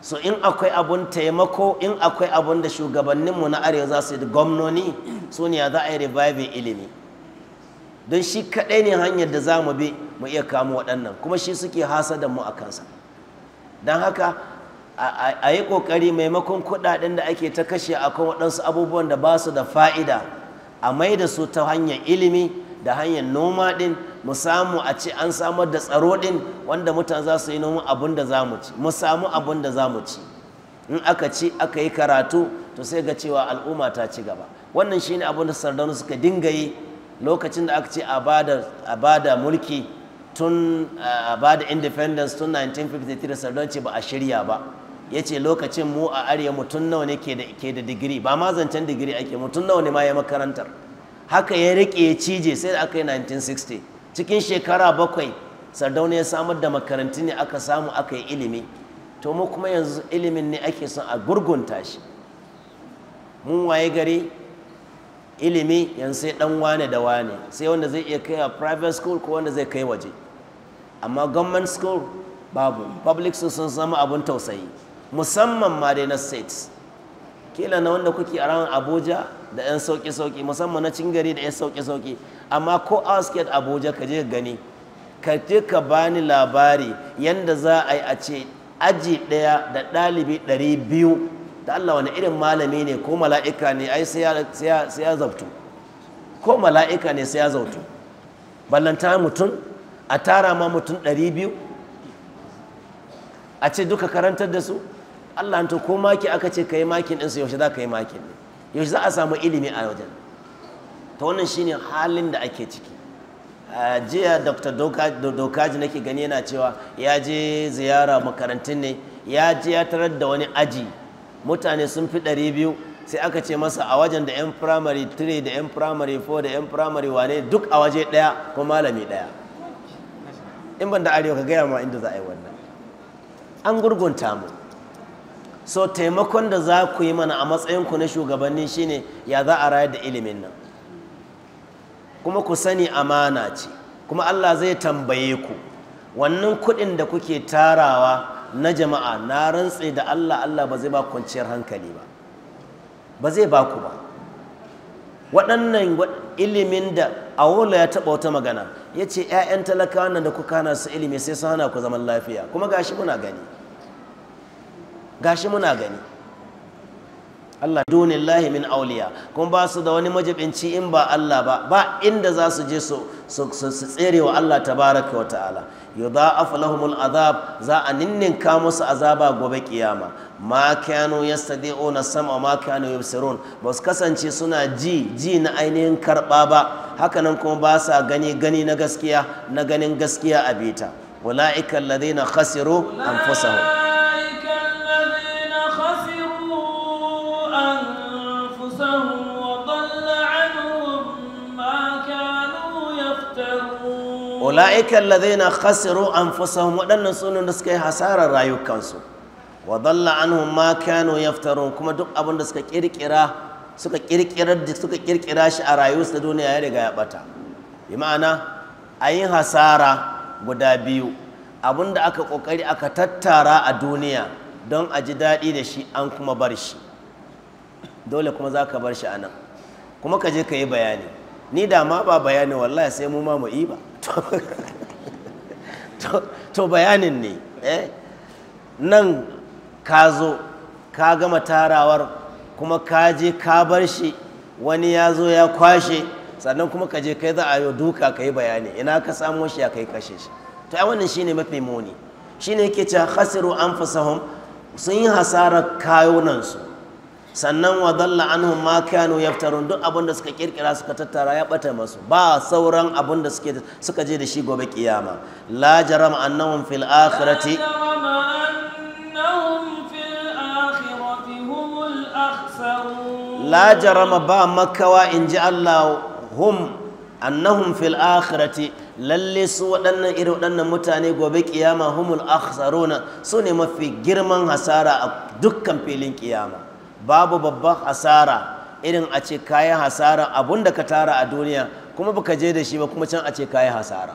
so in akwai abun taimako in akwai abun da shugabanninmu na arewa za su yi gwamnoni su ne za a yi revive ilimi don shi kaɗai ne hanyar da za mu bi mu iya kamo waɗannan kuma shi suke da mu a kansa don haka a yi ƙoƙari maimakon kuɗaɗen da ake ta kashe akan waɗansu abubuwan da ba su da fa'ida a mai da su ta hanyar ilimi da hanyar noma din mu samu a ce an samar da tsaro din wanda mutane za su yi noma abin da za mu ci mu samu abin da za mu ci in aka ci aka yi karatu to sai ga cewa al'umma ta ci gaba wannan shine abin da sardaunu suka dinga yi lokacin da aka ce a ba da mulki tun a ba da independence tun 1953 sardaunu ce ba a shirya ba ya ce lokacin mu a arewa mutum nawa ne ke da digiri ba ma zancen digiri ake mutum nawa ne ma ya makarantar haka ya rike ya cije sai da aka yi 1960 cikin shekara bakwai sardauna ya samar da makarantu ne aka samu aka yi ilimi to mu kuma yanzu ilimin ne ake son a gurgunta shi mun waye gari ilimi yanzu sai dan wane da wane sai wanda zai iya kai a private school ko wanda zai kai waje amma government school babu public sun zama abin tausayi musamman ma dai na states kila na wanda kuke a ran abuja da yan sauki-sauki musamman na cingari da yan sauki-sauki amma ko outskirt abuja ka je gani ka je ka bani labari yanda za a yi a ce aji ɗaya da ɗalibi ɗari biyu da Allah wani irin malami ne ko mala'ika ne ai sai ya zautu ko mala'ika ne sai ya zautu ballanta mutum a tara ma mutum ɗari biyu a ce duka karantar da su Allah to ko maki aka ce kai makin ɗinsa yaushe za ka yi makin ne yaushe za a samu ilimi a wajen ta wannan shine halin da ake ciki jiya dr dokaji nake gani yana cewa ya je ziyara makarantun ne ya je ya tarar da wani aji mutane sun fi ɗari biyu sai aka ce masa a wajen da 'yan firamare 3 da 'yan primary 4 da 'yan primary wane duk a waje ɗaya ko malami ɗaya in ban da arewa ka gaya ma inda za a yi wannan an gurgunta mu so taimakon da za ku yi mana a matsayinku na shugabanni shine ya za a rayar da ilimin nan kuma ku sani amana ce kuma Allah zai tambaye ku wannan kuɗin da kuke tarawa na jama'a na rantse da Allah Allah ba zai ba kwanciyar hankali ba ba zai ba ku ba waɗannan ilimin da awola ya taɓa wata magana ya ce 'ya'yan talakawa nan da kuka na su ilimi sai sun hana ku zaman lafiya kuma gashi kuna gani gashi muna gani Allah lahi min auliya kuma ba su da wani majibinci in ba Allah ba ba inda za su je su tsere wa Allah tabaraka wa ta'ala a lahumul azab za a ninninka musu azaba gobe kiyama ma kanu yastadi'una sam'a ma ya sirun ba su kasance suna ji ji na ainihin karɓa ba hakanan kuma ba sa gani gani na gaskiya na ganin gaskiya a bita na alladhina khasiru anfusahum ula'ikan ladaina khasiru anfusahum waɗannan sunan da suka yi hasarar rayukansu wa dalla anhum ma kanu yaftarun kuma duk abin da suka kirkira suka kirkira suka kirkira shi a rayuwarsu ta duniya ya riga ya bata bi ma'ana a hasara guda biyu abin da aka kokari aka tattara a duniya don a ji daɗi da shi an kuma bar shi dole kuma za ka bar shi a nan kuma ka je ka yi bayani ni da ma ba bayani wallahi sai mu ma mu yi ba to bayanin ne eh? nan ka zo ka gama tarawar kuma ka je ka bar shi wani ya zo ya kwashe sannan kuma ka je kai za a yi duka ka yi bayani ina ka samo shi ya kai kashe shi to ya wannan shine mafi muni shine yake cewa khasiru anfusahum sun yi hasarar kayunansu sannan wa dalla anhum ma kanu yaftarun duk abin da suka kirkira suka tattara ya bata masu ba sauran abin da suke suka je da shi gobe kiyama la jarama annahum fil akhirati la jarama ba makawa in ji Allah hum annahum fil akhirati lalle su waɗannan irin waɗannan mutane gobe kiyama humul akhsaruna su ne mafi girman hasara a dukkan filin kiyama babu babban hasara irin a ce kayan hasara abun da ka tara a duniya kuma baka je da shi ba kuma can a ce kayan hasara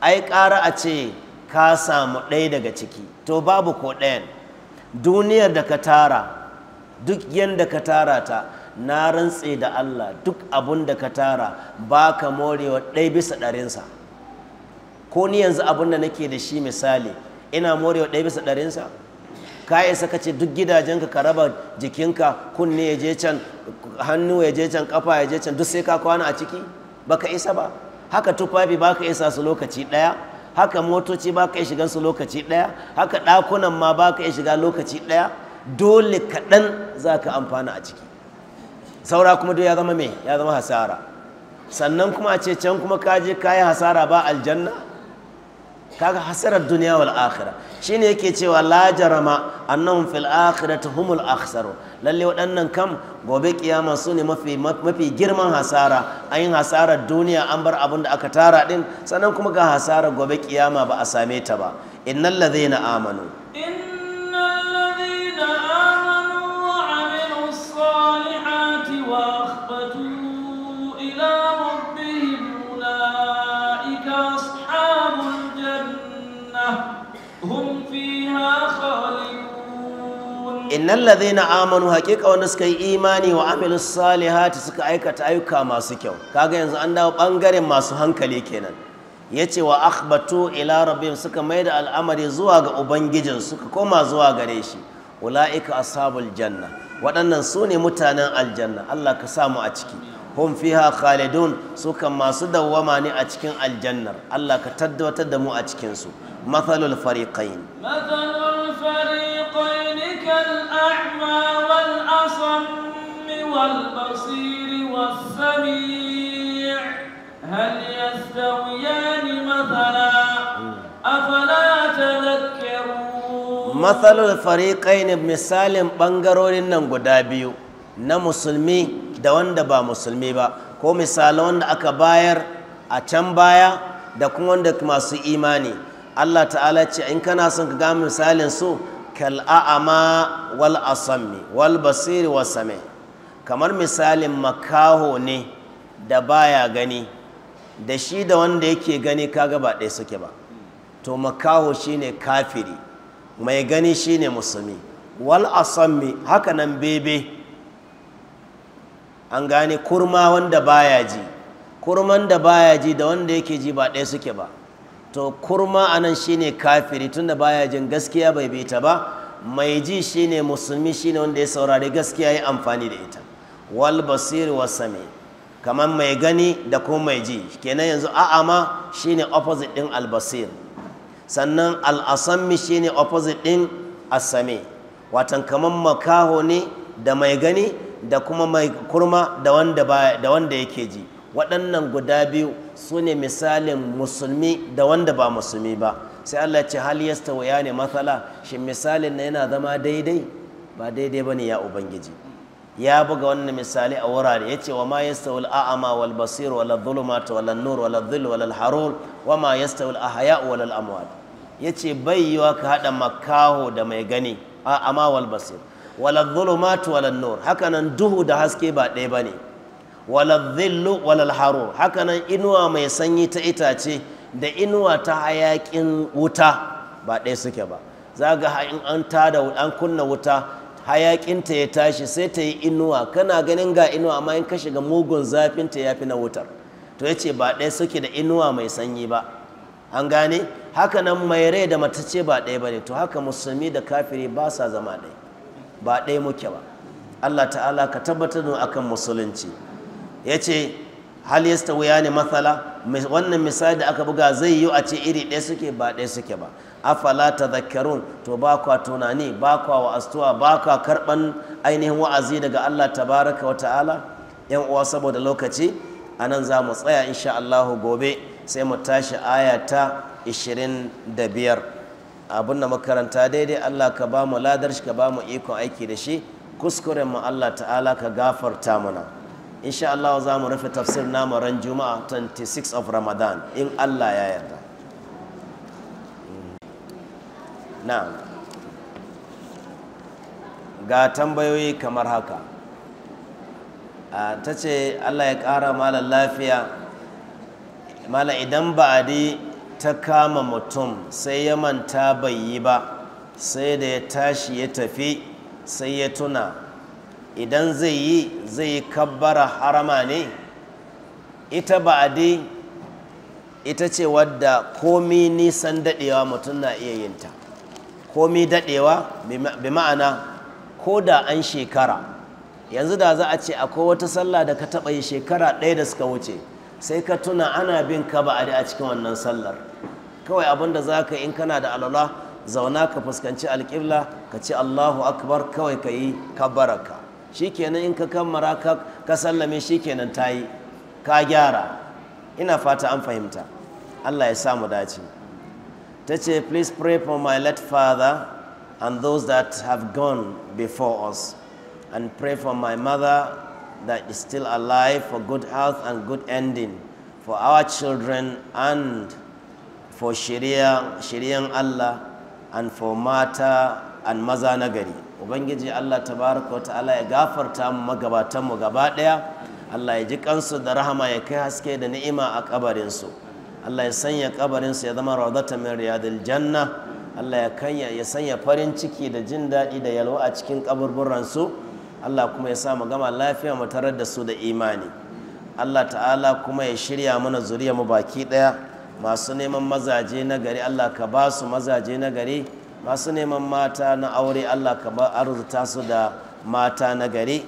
ai kara a ce ka samu ɗaya daga ciki to babu ko ɗayan duniyar da ka tara duk yadda ka tara ta na rantse da Allah duk abun da ka tara ba ka morewa ɗaya bisa ɗarinsa ko ni yanzu abun da nake da shi misali ina morewa ɗaya bisa ɗarinsa ka isa ka ce duk gidajenka ka raba jikinka kunne ya je can hannu ya je can kafa ya je can duk sai ka kwana a ciki baka isa ba haka tufafi baka isa su lokaci ɗaya haka motoci baka iya shigan su lokaci ɗaya haka ɗakunan ma baka iya shiga lokaci ɗaya dole kaɗan za ka amfana a ciki saura kuma duk ya zama me ya zama hasara sannan kuma a ce can kuma ka je ka yi hasara ba aljanna kaga hasarar duniya wal akhirah shine yake cewa la jarama annahum fil akhirati humul akhsaru lalle waɗannan kam gobe kiyama su ne mafi mafi girman hasara ayin hasarar duniya an bar abin da aka tara din sannan kuma ga hasarar gobe kiyama ba a same ta ba innal ladhina amanu innal ladhina amanu wa amilus salihati wa innal na amanu haqiqa wanda suka yi imani wa amilus salihati suka aikata ayyuka masu kyau kaga yanzu an dawo bangaren masu hankali kenan yace wa akhbatu ila rabbihim suka maida al'amari zuwa ga ubangijin suka koma zuwa gare shi ulaika ashabul janna waɗannan su ne mutanen aljanna Allah ka samu a ciki hum fiha khalidun suka masu dawwama ne a cikin aljannar Allah ka tabbatar da mu a cikinsu su mathalul fariqain mathalul الفريقين كالأعمى والأصم والبصير والسميع هل يستويان مثلا أفلا تذكرون مثل الفريقين مثال بانغرورين نغدابيو na musulmi da wanda ba musulmi ba ko misalan wanda aka bayar a can baya da kuma wanda masu imani Allah ta'ala ce in kana son ka ga misalin su kal a'ama wal asammi wal basiri wa same kamar misalin makaho ne da baya gani da shi da wanda yake gani kaga ba ɗaya suke ba to makaho shine kafiri mai gani shine musulmi wal asammi haka nan bebe an gane kurma wanda baya ji kurman da baya ji da wanda yake ji ba ɗaya suke ba to kurma anan shine kafiri tunda baya jin gaskiya bai bita ba mai ji shine musulmi shine wanda ya saurari gaskiya ya amfani da ita wal basir wa sami kamar mai gani da kuma mai ji kenan yanzu ma shine opposite din al basir sannan al shi shine opposite din asami watan kamar makaho ne da mai gani da kuma mai kurma da wanda da wanda yake ji waɗannan guda biyu su ne misalin musulmi da wanda ba musulmi ba sai Allah ce hal yastawiya ne matsala shi misalin na yana zama daidai ba daidai bane ya ubangiji ya buga wannan misali a wurare ya ce wa ma yastawil a'ama wal basir wal dhulumat wal nur wal dhil wal harur wa ma yastawil ahya wal amwat yace bai yiwa ka hada makaho da mai gani a'ama wal basir wal dhulumat wal nur hakanan duhu da haske ba ɗaya bane waladzillu walalharu hakanan inuwa mai sanyi ta itace da inuwa ta hayakin wuta ba ɗaya suke ba za ga in an tada an kunna wuta hayakinta ya tashi sai ta yi inuwa kana ganin ga inuwa amma in ka shiga mugun zafinta ya fi na wutar to ya ce ba ɗaya suke da inuwa mai sanyi ba an gane haka nan mai rai da matace ba ɗaya ba ne to haka musulmi da kafiri ba sa zama ɗaya ba ɗaya muke ba allah ta'ala ka tabbatar da akan musulunci ya ce hal wuya ne matsala wannan misali da aka buga zai yi a ce iri ɗaya suke ba ɗaya suke ba afala ta zakarun to ba kwa tunani ba kwa wa'astuwa ba kwa karɓan ainihin wa'azi daga Allah tabaraka wa ta'ala yan uwa saboda lokaci a nan za mu tsaya insha allahu gobe sai mu tashi aya ta 25 abin da makaranta daidai Allah ka ba mu ladar shi ka ba mu ikon aiki da shi kuskuren mu Allah ta'ala ka gafarta mana insha Allah za mu rufe tafsir namu ran juma'a 26 of ramadan in Allah ya yarda na ga tambayoyi kamar haka ta ce Allah ya ƙara malar lafiya mala idan ba di ta kama mutum sai ya manta bai yi ba sai da ya tashi ya tafi sai ya tuna idan zai yi zai yi kabbara harama ne ita ba'adi ita ce wadda komi nisan daɗewa mutum na iya yin ta komi daɗewa bi ma'ana ko da an shekara yanzu da za a ce akwai wata sallah da ka taɓa yi shekara ɗaya da suka wuce sai ka tuna ana bin ka ba a cikin wannan sallar kawai abin da za ka in kana da alala zauna ka fuskanci alƙibla ka ce allahu akbar kawai ka yi kabbararka shikenan in ka kammara ka sallame shikenan ta ka gyara ina fata an fahimta Allah ya samu dace please pray for my late father and those that have gone before us and pray for my mother that is still alive for good health and good ending for our children and for Sharia, Sharian Allah and for Mata and Mazanagari. ubangiji Allah tabaraka wa ta'ala ya gafarta mu magabatan mu gaba daya Allah ya ji kansu da rahama ya kai haske da ni'ima a kabarin su Allah ya sanya kabarin su ya zama rawdata min riyadil janna Allah ya kanya ya sanya farin ciki da jin daɗi da yalwa a cikin kaburburan su Allah kuma ya sa mu gama lafiya mu tarar da su da imani Allah ta'ala kuma ya shirya mana zuriya mu baki daya masu neman mazaje na gari Allah ka ba su mazaje na gari masu neman mata na aure Allah ka ba arzuta su da mata na gari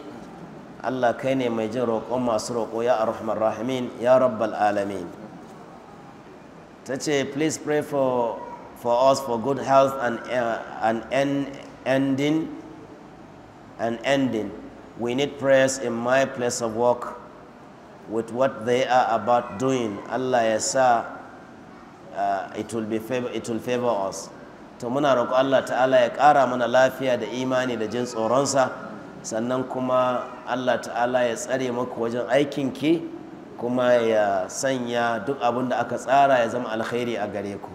Allah kai ne mai jin roƙon masu roƙo ya arhamar rahimin ya rabbal alamin ta please pray for, for us for good health and, uh, end, ending and ending we need prayers in my place of work with what they are about doing Allah ya uh, it will be favor, it will favor us to muna roƙo Allah ta'ala ya ƙara mana lafiya da imani da jin tsoronsa sannan kuma Allah ta'ala ya tsare maku wajen aikin ki kuma ya sanya duk abin da aka tsara ya zama alkhairi a gare ku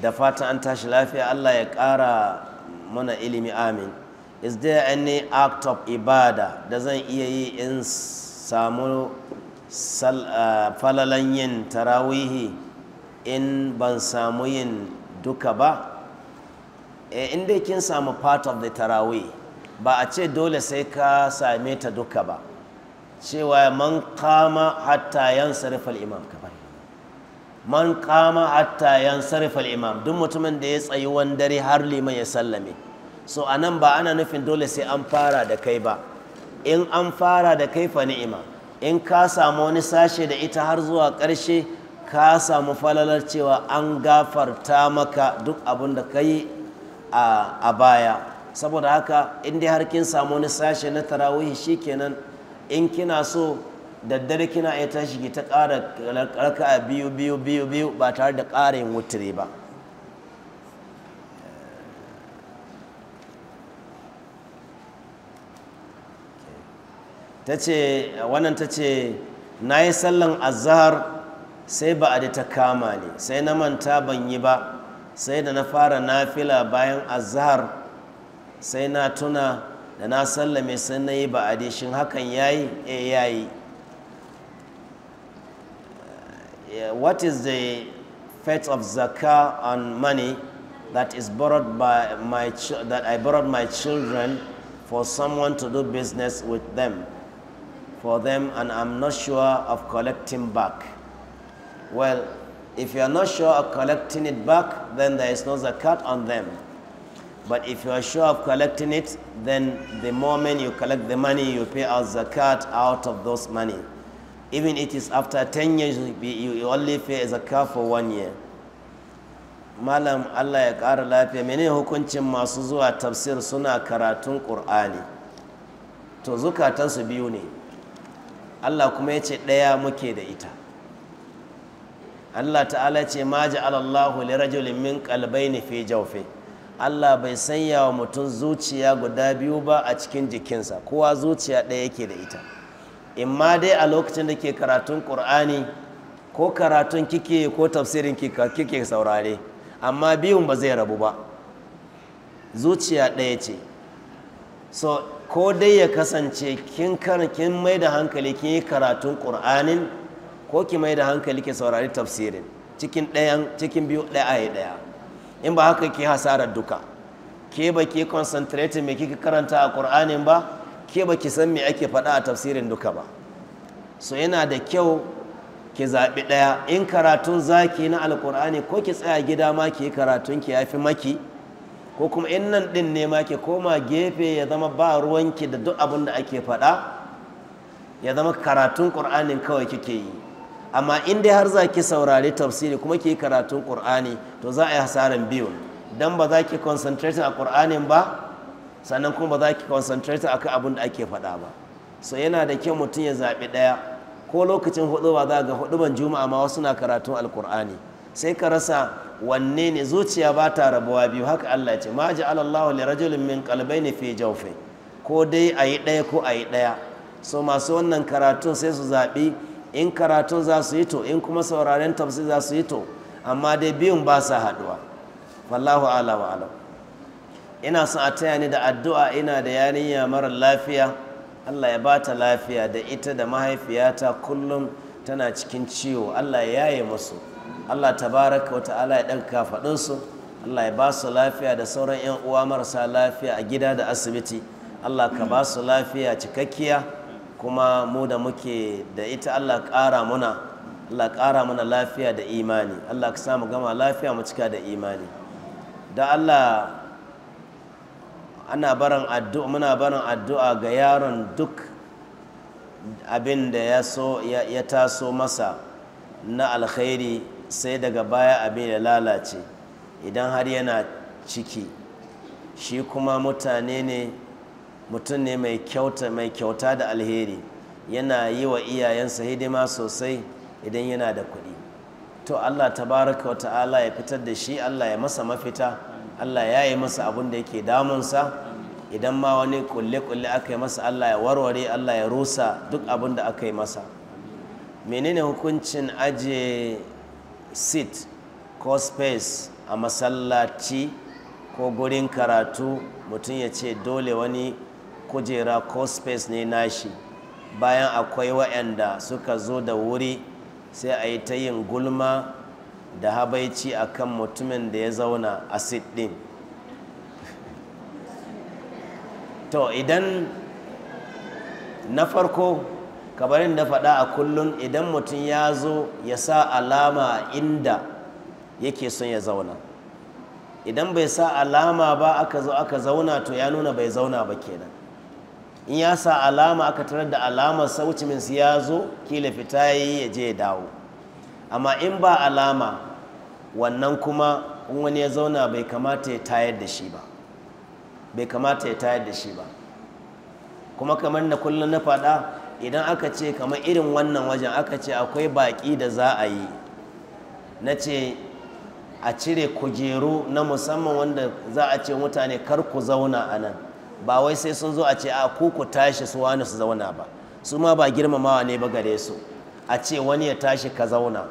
da fatan an tashi lafiya Allah ya ƙara mana ilimi amin is there any act of ibada da zan iya yi in samu Ah, falalan yin tarawihi in ban samu yin duka ba eh, in dai kin samu part of the tarawih ba a ce dole sai ka same ta duka ba cewa man kama hatta yan imam kamar man kama hatta yan imam duk mutumin da ya tsayi wani dare har liman ya sallame so anan nan ba ana nufin dole sai an fara da kai ba in an fara da kai fa ni'ima in ka samu wani sashe da ita har zuwa ƙarshe ka samu falalar cewa an gafarta maka duk abin da ka yi a baya saboda haka in dai har kin samu wani sashe na tarawihi shikenan in kina so daddare kina iya tashi ki ta ƙara raka'a a biyu biyu biyu ba tare da ƙarin wutire ba wannan sallan sai ba da ta kama sai na manta ban yi ba sai da na fara nafila bayan sai na tuna da na sallame sai ba a shin hakan yayi eh yayi what is the fate of zakah on money that is borrowed by my that I borrowed my children for someone to do business with them for them and I'm not sure of collecting back. Well, if you are not sure of collecting it back, then there is no zakat on them. But if you are sure of collecting it, then the moment you collect the money, you pay out zakat out of those money. Even it is after 10 years, you only pay zakat for one year. Malam Allah ya ƙara lafiya mene hukuncin masu zuwa tafsir suna karatun ƙur'ani to zukatansu biyu ne Allah kuma ya ce ɗaya muke da ita Allah ta'ala ce ma ja'alallahu li rajulin min qalbayni fi jawfi Allah bai sanya wa mutum zuciya guda biyu ba a cikin jikinsa kowa zuciya ɗaya yake da ita imma dai a lokacin da ke karatun Qur'ani ko karatun kike ko tafsirin kike saurare amma biyun ba zai rabu ba zuciya ɗaya ce so ko dai ya kasance kin kin mai da hankali kin yi karatun ƙur'anin ko ki mai da hankali ki saurari tafsirin cikin ɗayan cikin biyu ɗaya a ɗaya in ba haka ki hasarar duka ke ba ki concentrating mai kika karanta a ƙur'anin ba ke ba ki san me ake faɗa a tafsirin duka ba so yana da kyau ki zaɓi ɗaya in karatun zaki na alƙur'ani ko ki tsaya gida ma ki yi karatun ki ya fi maki ko kuma in nan ɗin ne ma ke koma gefe ya zama ba ruwanki da duk abin da ake faɗa ya zama karatun ƙur'anin kawai kike yi amma in dai har za ki saurari tafsiri kuma ki yi karatun ƙur'ani to za a yi hasaran biyu dan ba za ki concentrating a ƙur'anin ba sannan kuma ba za ki concentrating akan abin da ake faɗa ba so yana da kyau mutum ya zaɓi ɗaya ko lokacin hudu ba za ga hudu ban juma'a ma wasu na karatun alƙur'ani sai ka rasa wanne ne zuciya ba ta rabuwa biyu haka Allah ce ma ji alallahu li rajulin min ne fi jaufe. ko dai a yi ɗaya ko a yi ɗaya so masu wannan karatun sai su zaɓi in karatun za su yi to in kuma sauraren tafsir za su yi to amma dai biyun ba sa haɗuwa wallahu ala wa alam ina son a taya ni da addu'a ina da yarinya mara lafiya Allah ya bata lafiya da ita da mahaifiyata kullum tana cikin ciwo Allah ya yaye musu Allah tabaraka wa ta'ala ya ɗan faɗinsu Allah ya ba su lafiya da sauran 'yan uwa marasa lafiya a gida da asibiti Allah ka ba su lafiya cikakkiya kuma mu da muke da ita Allah ƙara muna Allah ƙara mana lafiya da imani Allah ka samu gama lafiya mu cika da imani da Allah ana barin addu'a muna barin addu'a ga yaron duk abin da ya ya taso masa na alkhairi sai daga baya abin ya lalace idan har yana ciki shi kuma mutane ne mutum ne mai kyauta mai kyauta da alheri yana yi wa iyayensa hidima sosai idan yana da kuɗi to allah tabaraka wa ta'ala ya fitar da shi allah ya masa mafita allah ya yi masa abin da yake damunsa idan ma wani kulle-kulle aka yi masa allah ya warware allah ya rusa duk abin da aka yi masa menene hukuncin aje sit ko space a masallaci ko gurin karatu mutum ya ce dole wani kujera ko space ne nashi bayan akwai waɗanda suka zo da wuri sai a yi ta yin gulma da habaici a kan mutumin da ya zauna a sit ɗin to idan na farko kamar da faɗa a kullum idan mutum ya zo ya sa alama inda yake son ya zauna idan bai sa alama ba aka zo aka zauna to ya nuna bai zauna ba kenan in ya sa alama aka tarar da alamar min su ya zo kila fita ya yi ya je ya dawo amma in ba alama wannan kuma in wani ya zauna bai kamata ya tayar da shi ba bai kamata ya tayar da shi ba kuma kamar na kullum na faɗa idan aka ce kamar irin wannan wajen aka ce akwai baƙi da za a yi na ce a cire kujeru na musamman wanda za a ce mutane kar ku zauna a nan ba wai sai sun zo a ce a ku ku tashi su wani su zauna ba su ma ba girmamawa ne ba gare su a ce wani ya tashi ka zauna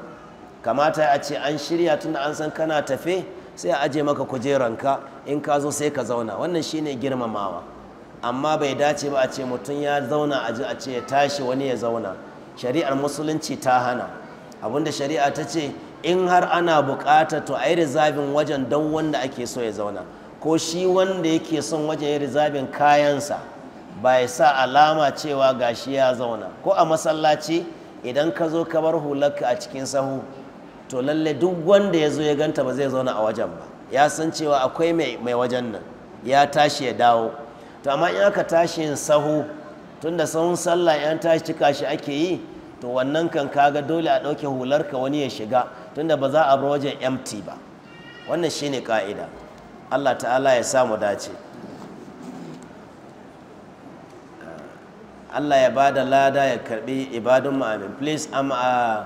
kamata a ce an shirya tun an san kana tafe sai a aje maka kujeranka in ka zo sai ka zauna wannan shine girmamawa amma bai dace ba a ce mutum ya zauna a ji a ce ya tashi wani ya zauna shari'ar musulunci ta hana abinda shari'a ta ce in har ana bukata to a yi rizabin wajen don wanda ake so ya zauna ko shi wanda yake son wajen ya rizabin kayansa ba ya sa alama cewa gashi ya zauna ko a masallaci idan ka zo ka bar hularka a cikin sahu to lalle duk wanda ya zo ya ganta ba zai zauna a wajen ba ya san cewa akwai mai wajen nan ya tashi ya dawo to amma in aka tashi yin sahu tunda sahun sallah yan tashi cika shi ake yi to wannan kan kaga dole a ɗauke hular ka wani ya shiga tunda ba za a bar wajen empty ba wannan shine ka'ida Allah ta'ala ya samu dace Allah ya bada lada ya karbi ibadun mu amin please am a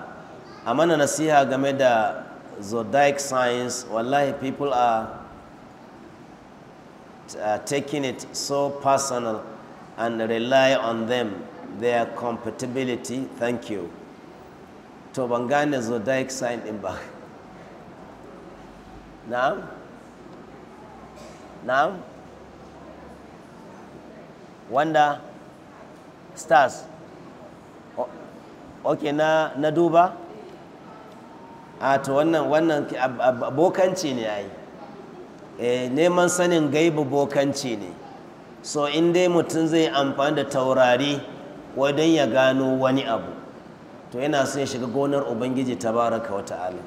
mana nasiha game da zodiac signs wallahi people are uh, taking it so personal and rely on them, their compatibility. Thank you. To ban gane zodiac sign in Now? Now? Wanda? Stars? okay, na, na Ato A ah, to wannan, wannan abokanci ne ya yi. Eh, neman sanin gaibu bokanci ne so in dai mutum zai amfani da taurari wajen ya gano wani abu to yana so ya shiga gonar ubangiji tabaraka wa ta'ala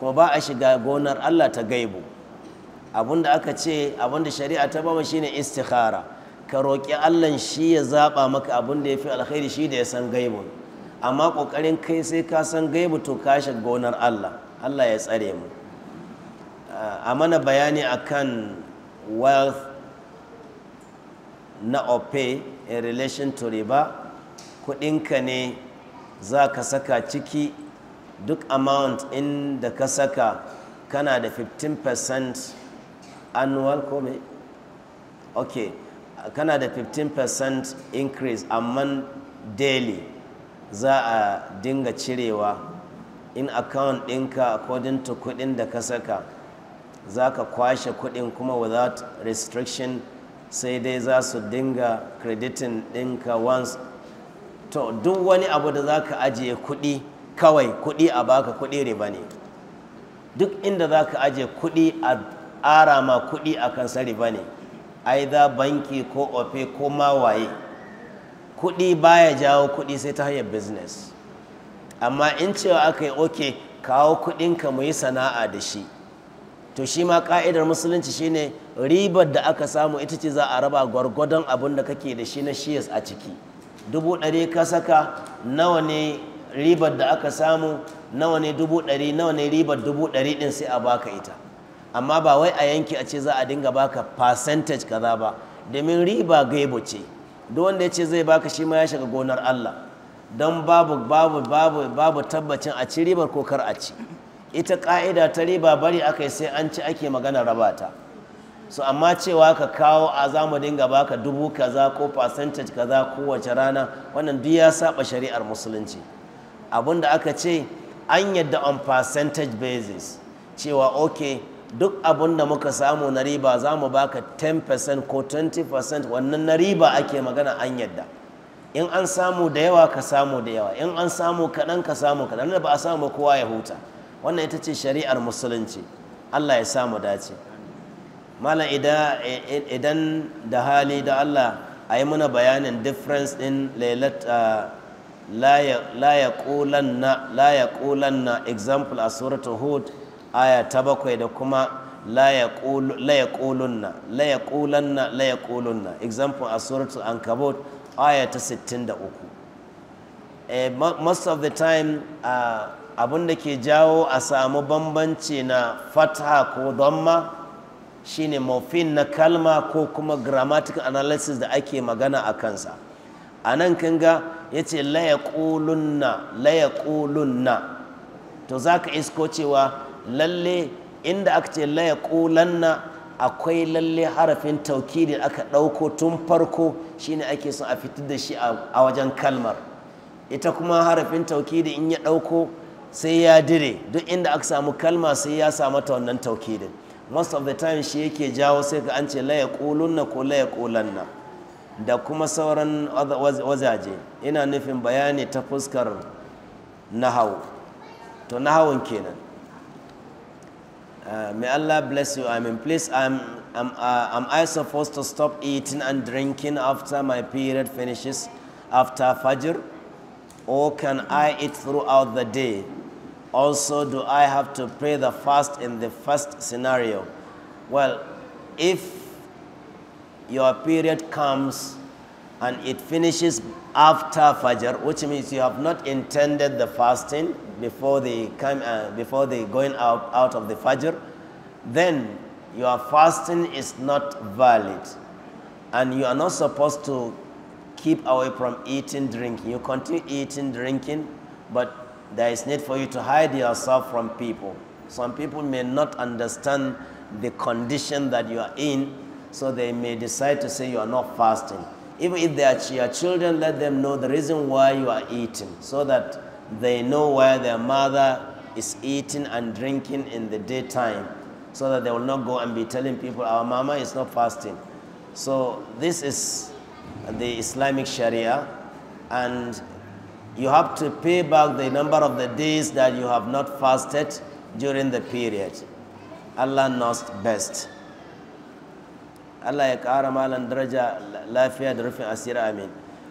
kuma ba a shiga gonar allah ta gaibu abinda aka ce abinda shari'a ta bama shine istikhara ka roƙi allah shi ya zaɓa maka abin ya fi alkhairi shi da ya san gaibu amma ƙoƙarin kai sai ka san gaibu to ka shiga gonar allah allah ya tsare mu a mana bayani akan wealth na ope in relation to riba kudinka ne za ka saka ciki duk amount in da ka saka kana da 15% annual ko ok kana da 15% increase amma daily za a dinga cirewa in account ɗinka according to kudin da ka saka za ka kwashe kuɗin kuma without restriction sai dai za su dinga kreditin ɗinka once to duk wani abu da za ka ajiye kudi kawai kudi a baka kuɗi riba ne duk inda za ka ajiye kudi a ara ma kuɗi a kansa riba ne aida banki ko ofe ko mawaye kuɗi baya jawo kudi sai ta hanyar business amma in cewa aka yi oke kawo kuɗinka mu yi sana'a da shi to shi ma ka'idar musulunci shine ribar da aka samu ita ce za a raba gwargwadon abin da kake da shi na shiyas a ciki dubu ɗari ka saka nawa ne ribar da aka samu nawa ne dubu ɗari nawa ne ribar dubu ɗari ɗin sai a baka ita amma ba wai a yanki a ce za a dinga baka percentage kaza ba domin riba gaibo ce duk wanda ya ce zai baka shi ma ya shiga gonar Allah don babu babu babu babu tabbacin a ci ribar ko kar a ci ita ƙa'ida ta riba bari aka yi sai an ci ake magana raba ta so amma cewa ka kawo a zamu mu dinga baka dubu kaza ko percentage kaza kowace rana wannan duk ya saba shari'ar musulunci abinda aka ce an yadda on percentage basis cewa ok duk abun da muka samu na riba zamu mu baka 10% ko 20% wannan na riba ake magana an yadda in an samu da yawa ka samu da yawa in an samu kaɗan ka samu kaɗan da ba a samu kowa ya huta wannan ita ce shari'ar musulunci Allah ya samu dace malam e, e, idan da hali da Allah a yi muna bayanin difference in lailat la ya na example a suratul hud aya ta bakwai da kuma la ya na la ya na la ya na example a suratul ankabut aya ta 63 eh, most of the time abin da ke jawo a samu bambanci na fatha ko dhamma shine morphine na kalma ko kuma grammatical analysis da ake magana a kansa a nan kan ga ya ce layaƙulunna layaƙulunna to za ka isko cewa lalle inda aka ce layaƙulanna akwai lalle harafin tauki da aka ɗauko tun farko shine ake son a fitar da shi a wajen kalmar ita kuma harafin tauki da in ya ɗauko sai ya dire duk inda aka samu kalma sai ya samu ta wannan taukidin most of the time shi yake jawo sai ka an ce la kulunna ko la kulanna da kuma sauran wazaje ina nufin bayani ta fuskar nahawu to nahawun kenan Uh, may Allah bless you. I mean, please, I'm, I'm, uh, am I supposed to stop eating and drinking after my period finishes after Fajr? or can I eat throughout the day? Also, do I have to pray the fast in the first scenario? Well, if your period comes and it finishes after Fajr, which means you have not intended the fasting before the, uh, before the going out, out of the Fajr, then your fasting is not valid. And you are not supposed to keep away from eating, drinking. You continue eating, drinking, but there is need for you to hide yourself from people. Some people may not understand the condition that you are in, so they may decide to say you are not fasting. Even if they are your children, let them know the reason why you are eating, so that they know why their mother is eating and drinking in the daytime, so that they will not go and be telling people, our mama is not fasting. So this is the Islamic Sharia and you have to pay back the number of the days that you have not fasted during the period. Allah knows best. Allah ya ƙara malan daraja lafiya da rufin asiri amin.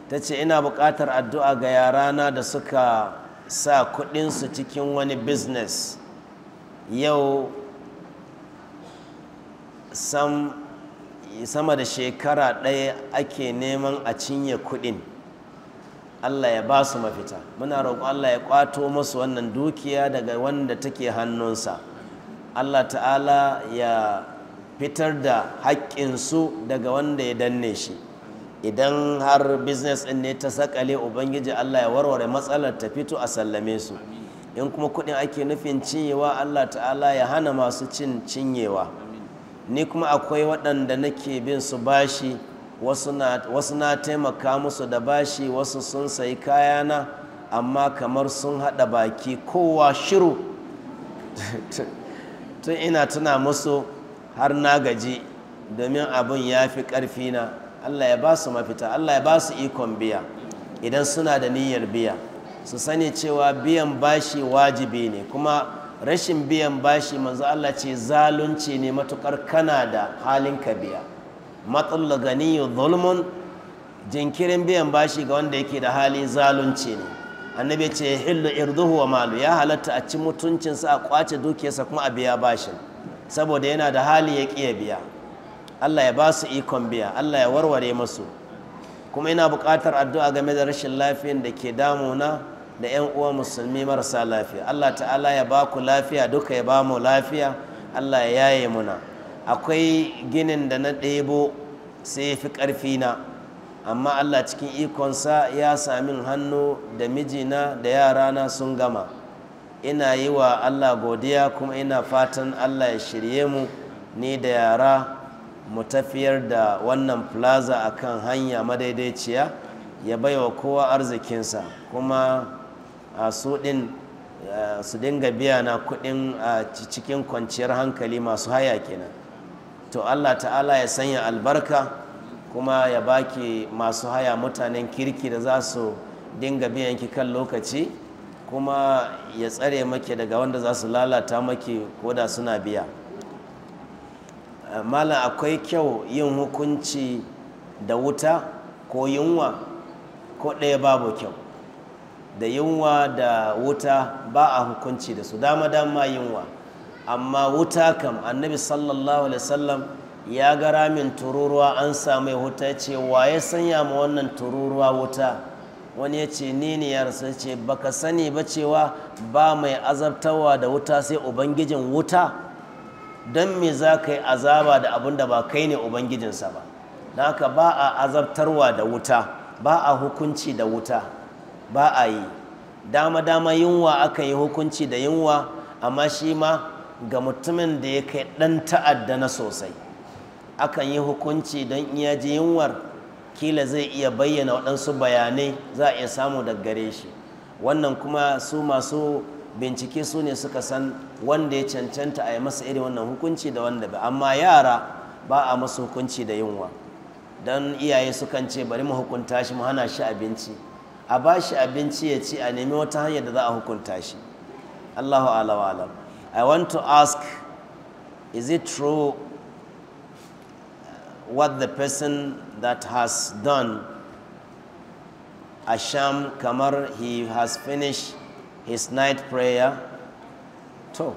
Ta ina buƙatar addu'a ga yarana da suka sa kuɗinsu cikin wani business. Yau some. sama da shekara ɗaya ake neman a cinye kuɗin Allah ya ba su mafita muna roƙo Allah ya ƙwato masu wannan dukiya daga wanda take hannunsa Allah ta'ala ya fitar da haƙƙinsu daga wanda ya danne shi idan har business ɗin ne ta sakale ubangiji Allah ya warware matsalar ta fito a sallame su in kuma kuɗin ake nufin cinyewa Allah ta'ala ya hana masu cin cinyewa ni kuma akwai waɗanda nake bin su bashi wasu na taimaka musu da bashi wasu sun sayi kayana amma kamar sun haɗa baki kowa shiru (laughs) tun ina tuna musu har na gaji domin abin ya fi ƙarfina allah ya ba su mafita allah ya ba su ikon biya idan suna da niyyar biya su sani cewa biyan bashi wajibi ne kuma rashin biyan bashi manzo Allah ce zalunci ne matukar kana da halin ka biya gani ganiyu zulmun jinkirin biyan bashi ga wanda yake da hali zalunci ne annabi ce hillu irduhu wa malu ya halatta a ci mutuncinsa a kwace dukiyarsa kuma a biya bashin saboda yana da hali ya ƙiya biya Allah ya ba su ikon biya Allah ya warware masu kuma ina buƙatar addu'a game da rashin lafiyan da ke damuna da 'yan uwa musulmi marasa lafiya allah ta'ala ya ba ku lafiya duka ya ba mu lafiya allah ya yaye muna akwai ginin da na ɗebo sai ya fi na. amma allah cikin ikonsa ya sami hannu da mijina da yarana sun gama ina yi wa allah godiya kuma ina fatan allah ya shirye mu ni da yara mu tafiyar da wannan plaza akan hanya madaidaiciya ya baiwa kowa arzikinsa kuma su ɗin su dinga biya na kuɗin cikin kwanciyar hankali masu haya kenan to allah ta'ala ya sanya albarka kuma ya baki masu haya mutanen kirki da za su dinga biyan ki kan lokaci kuma ya tsare maki daga wanda za su lalata maki ko da suna biya malam akwai kyau yin hukunci da wuta ko yunwa ko ɗaya babu kyau da yunwa da wuta ba a hukunci da su dama dama yunwa amma wuta kam annabi sallallahu alaihi wasallam ya ga ramin tururuwa an samu ya wuta ce wa ya sanya ma wannan tururuwa wuta wani ya ce ni ya rasu ce baka sani ba cewa ba mai azabtawa da wuta sai ubangijin wuta don me za ka yi azaba da abin da ba kai ne ubangijinsa ba naka ba a azabtarwa da wuta ba a hukunci da wuta ba a yi dama dama yunwa aka yi hukunci da yunwa amma shi ma ga mutumin da ya kai ɗan ta'adda na sosai akan yi hukunci don iya ji yunwar kila zai iya bayyana waɗansu bayanai za a iya samu daga gare shi wannan kuma su masu bincike su ne suka san wanda ya cancanta a yi masa irin wannan hukunci da wanda ba amma yara ba a masu hukunci da yunwa don iyaye sukan ce bari mu hukunta shi mu hana shi abinci a ba shi abinci ya ci a nemi wata hanyar da za a hukunta shi Allahu alam I want to ask is it true uh, what the person that has done Asham Kamar he has finished his night prayer to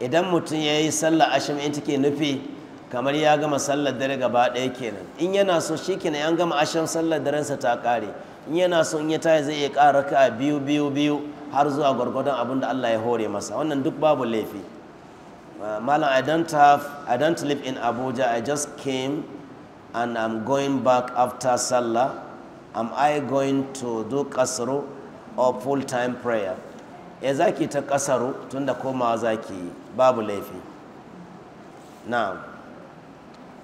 idan mutum ya yi sallar asham in take nufi kamar ya gama sallar dare gaba ɗaya kenan in yana so shi kenan an gama asham sallar sa ta ƙare in yana son ya taya zai iya ƙara ka biyu biyu biyu har zuwa gwargwadon abin da Allah ya hore masa wannan duk babu laifi uh, malam I don't have I don't live in Abuja I just came and I'm going back after Sallah. am I going to do kasaro or full time prayer ya zaki ta kasaro tunda koma zaki babu laifi now?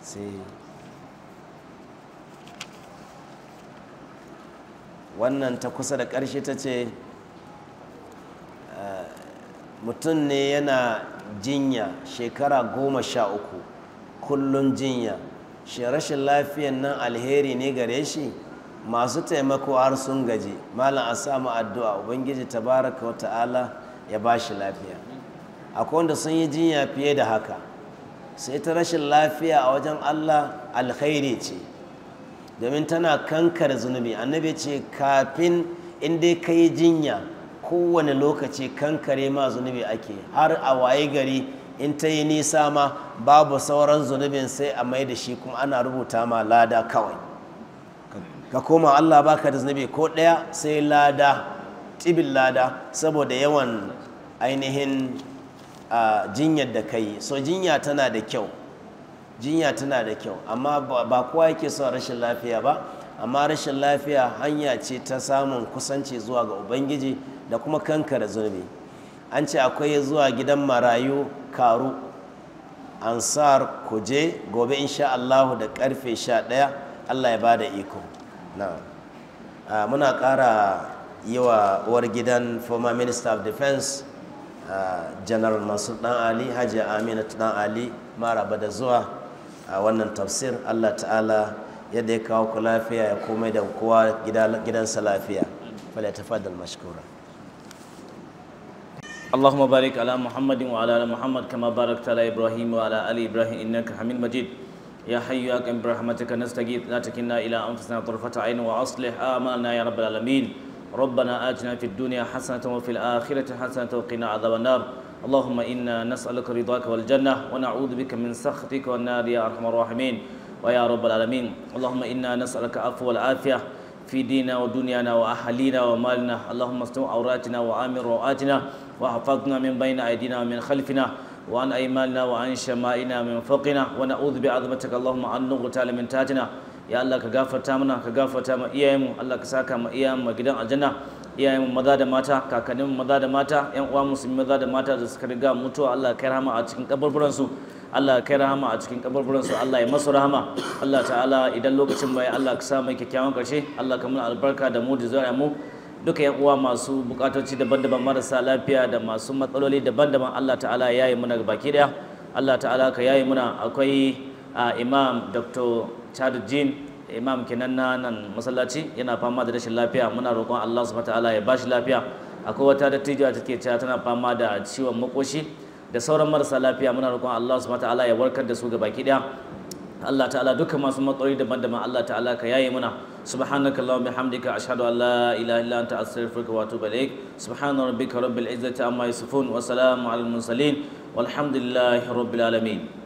sai wannan ta kusa da ƙarshe ta ce eh, mutum ne yana jinya shekara goma sha uku kullum jinya shi rashin lafiyan nan alheri ne gare shi masu taimako har sun gaji malam a samu addu'a ubangiji tabaraka wa ta'ala ya ba shi lafiya akwai wanda sun yi jinya fiye da haka sai ta rashin lafiya a wajen allah alkhairi ce domin tana kankar zunubi annabi ce kafin in dai ka yi jinya kowane lokaci kankare ma zunubi ake har a waye gari in ta yi nisa ma babu sauran zunubin sai a mai da shi kuma ana rubuta ma lada kawai ka koma allah baka da zunubi ko ɗaya sai lada tibin lada saboda yawan ainihin ah, jinyar da ka yi so jinya tana da kyau jinya tana da kyau amma ba kowa yake son rashin lafiya ba amma rashin lafiya hanya ce ta samun kusanci zuwa ga ubangiji da kuma kankare zunubi an ce akwai zuwa gidan marayu karu ansar kuje gobe insha Allahu da karfe sha ɗaya Allah ya ba da iko muna ƙara yi wa uwar gidan former minister of defense general masu dan ali hajji aminatu dan ali maraba da zuwa a wannan tafsir Allah ta'ala yadda ya kawo ku lafiya ya komai da kowa gidansa lafiya fala tafaddal mashkura اللهم بارك على محمد وعلى ال محمد كما باركت على ابراهيم وعلى ال ابراهيم انك حميد مجيد يا حي يا قيوم برحمتك نستغيث لا تكلنا الى انفسنا طرفه عين واصلح اعمالنا يا رب العالمين ربنا اتنا في الدنيا حسنه وفي الاخره حسنه وقنا عذاب النار اللهم إنا نسألك رضاك والجنة ونعوذ بك من سخطك والنار يا أرحم الراحمين ويا رب العالمين اللهم إنا نسألك عفو والعافية في ديننا ودنيانا وأهلينا ومالنا اللهم استر عوراتنا وآمن روآتنا واحفظنا من بين أيدينا ومن خلفنا وعن أيماننا وعن شمائنا من فوقنا ونعوذ بعظمتك اللهم عن نغتال من تاتنا يا الله كغافر تامنا كغافر تام إيامو الله كساكا ما إيام ما جدان الجنة iyayen maza da mata kakannin maza da mata yan uwa musulmi maza da mata da suka riga mutuwa Allah kai rahama a cikin kaburburan su Allah kai rahama a cikin kaburburan su Allah ya masu rahama Allah ta'ala idan lokacin bai Allah ka sa mai kyakkyawan karshe Allah ka muna albarka da mu da mu duka yan uwa masu bukatoci daban-daban marasa lafiya da masu matsaloli daban-daban Allah ta'ala ya yi muna baki daya Allah ta'ala ka yayi muna akwai ah, imam Dr. Chad imam kenan na nan masallaci yana fama da rashin lafiya muna roƙon Allah subhanahu ta'ala ya bashi lafiya akwai wata dattijuwa take cewa tana fama da ciwon makoshi da sauran marasa lafiya muna roƙon Allah subhanahu ta'ala ya warkar da su baki daya Allah ta'ala duka masu matsaloli daban-daban Allah ta'ala ka yaye muna subhanaka allahumma bihamdika ashhadu an la ilaha illa anta astaghfiruka wa atubu ilaik subhana rabbika rabbil izzati amma yasifun wa salamun alal mursalin walhamdulillahi rabbil alamin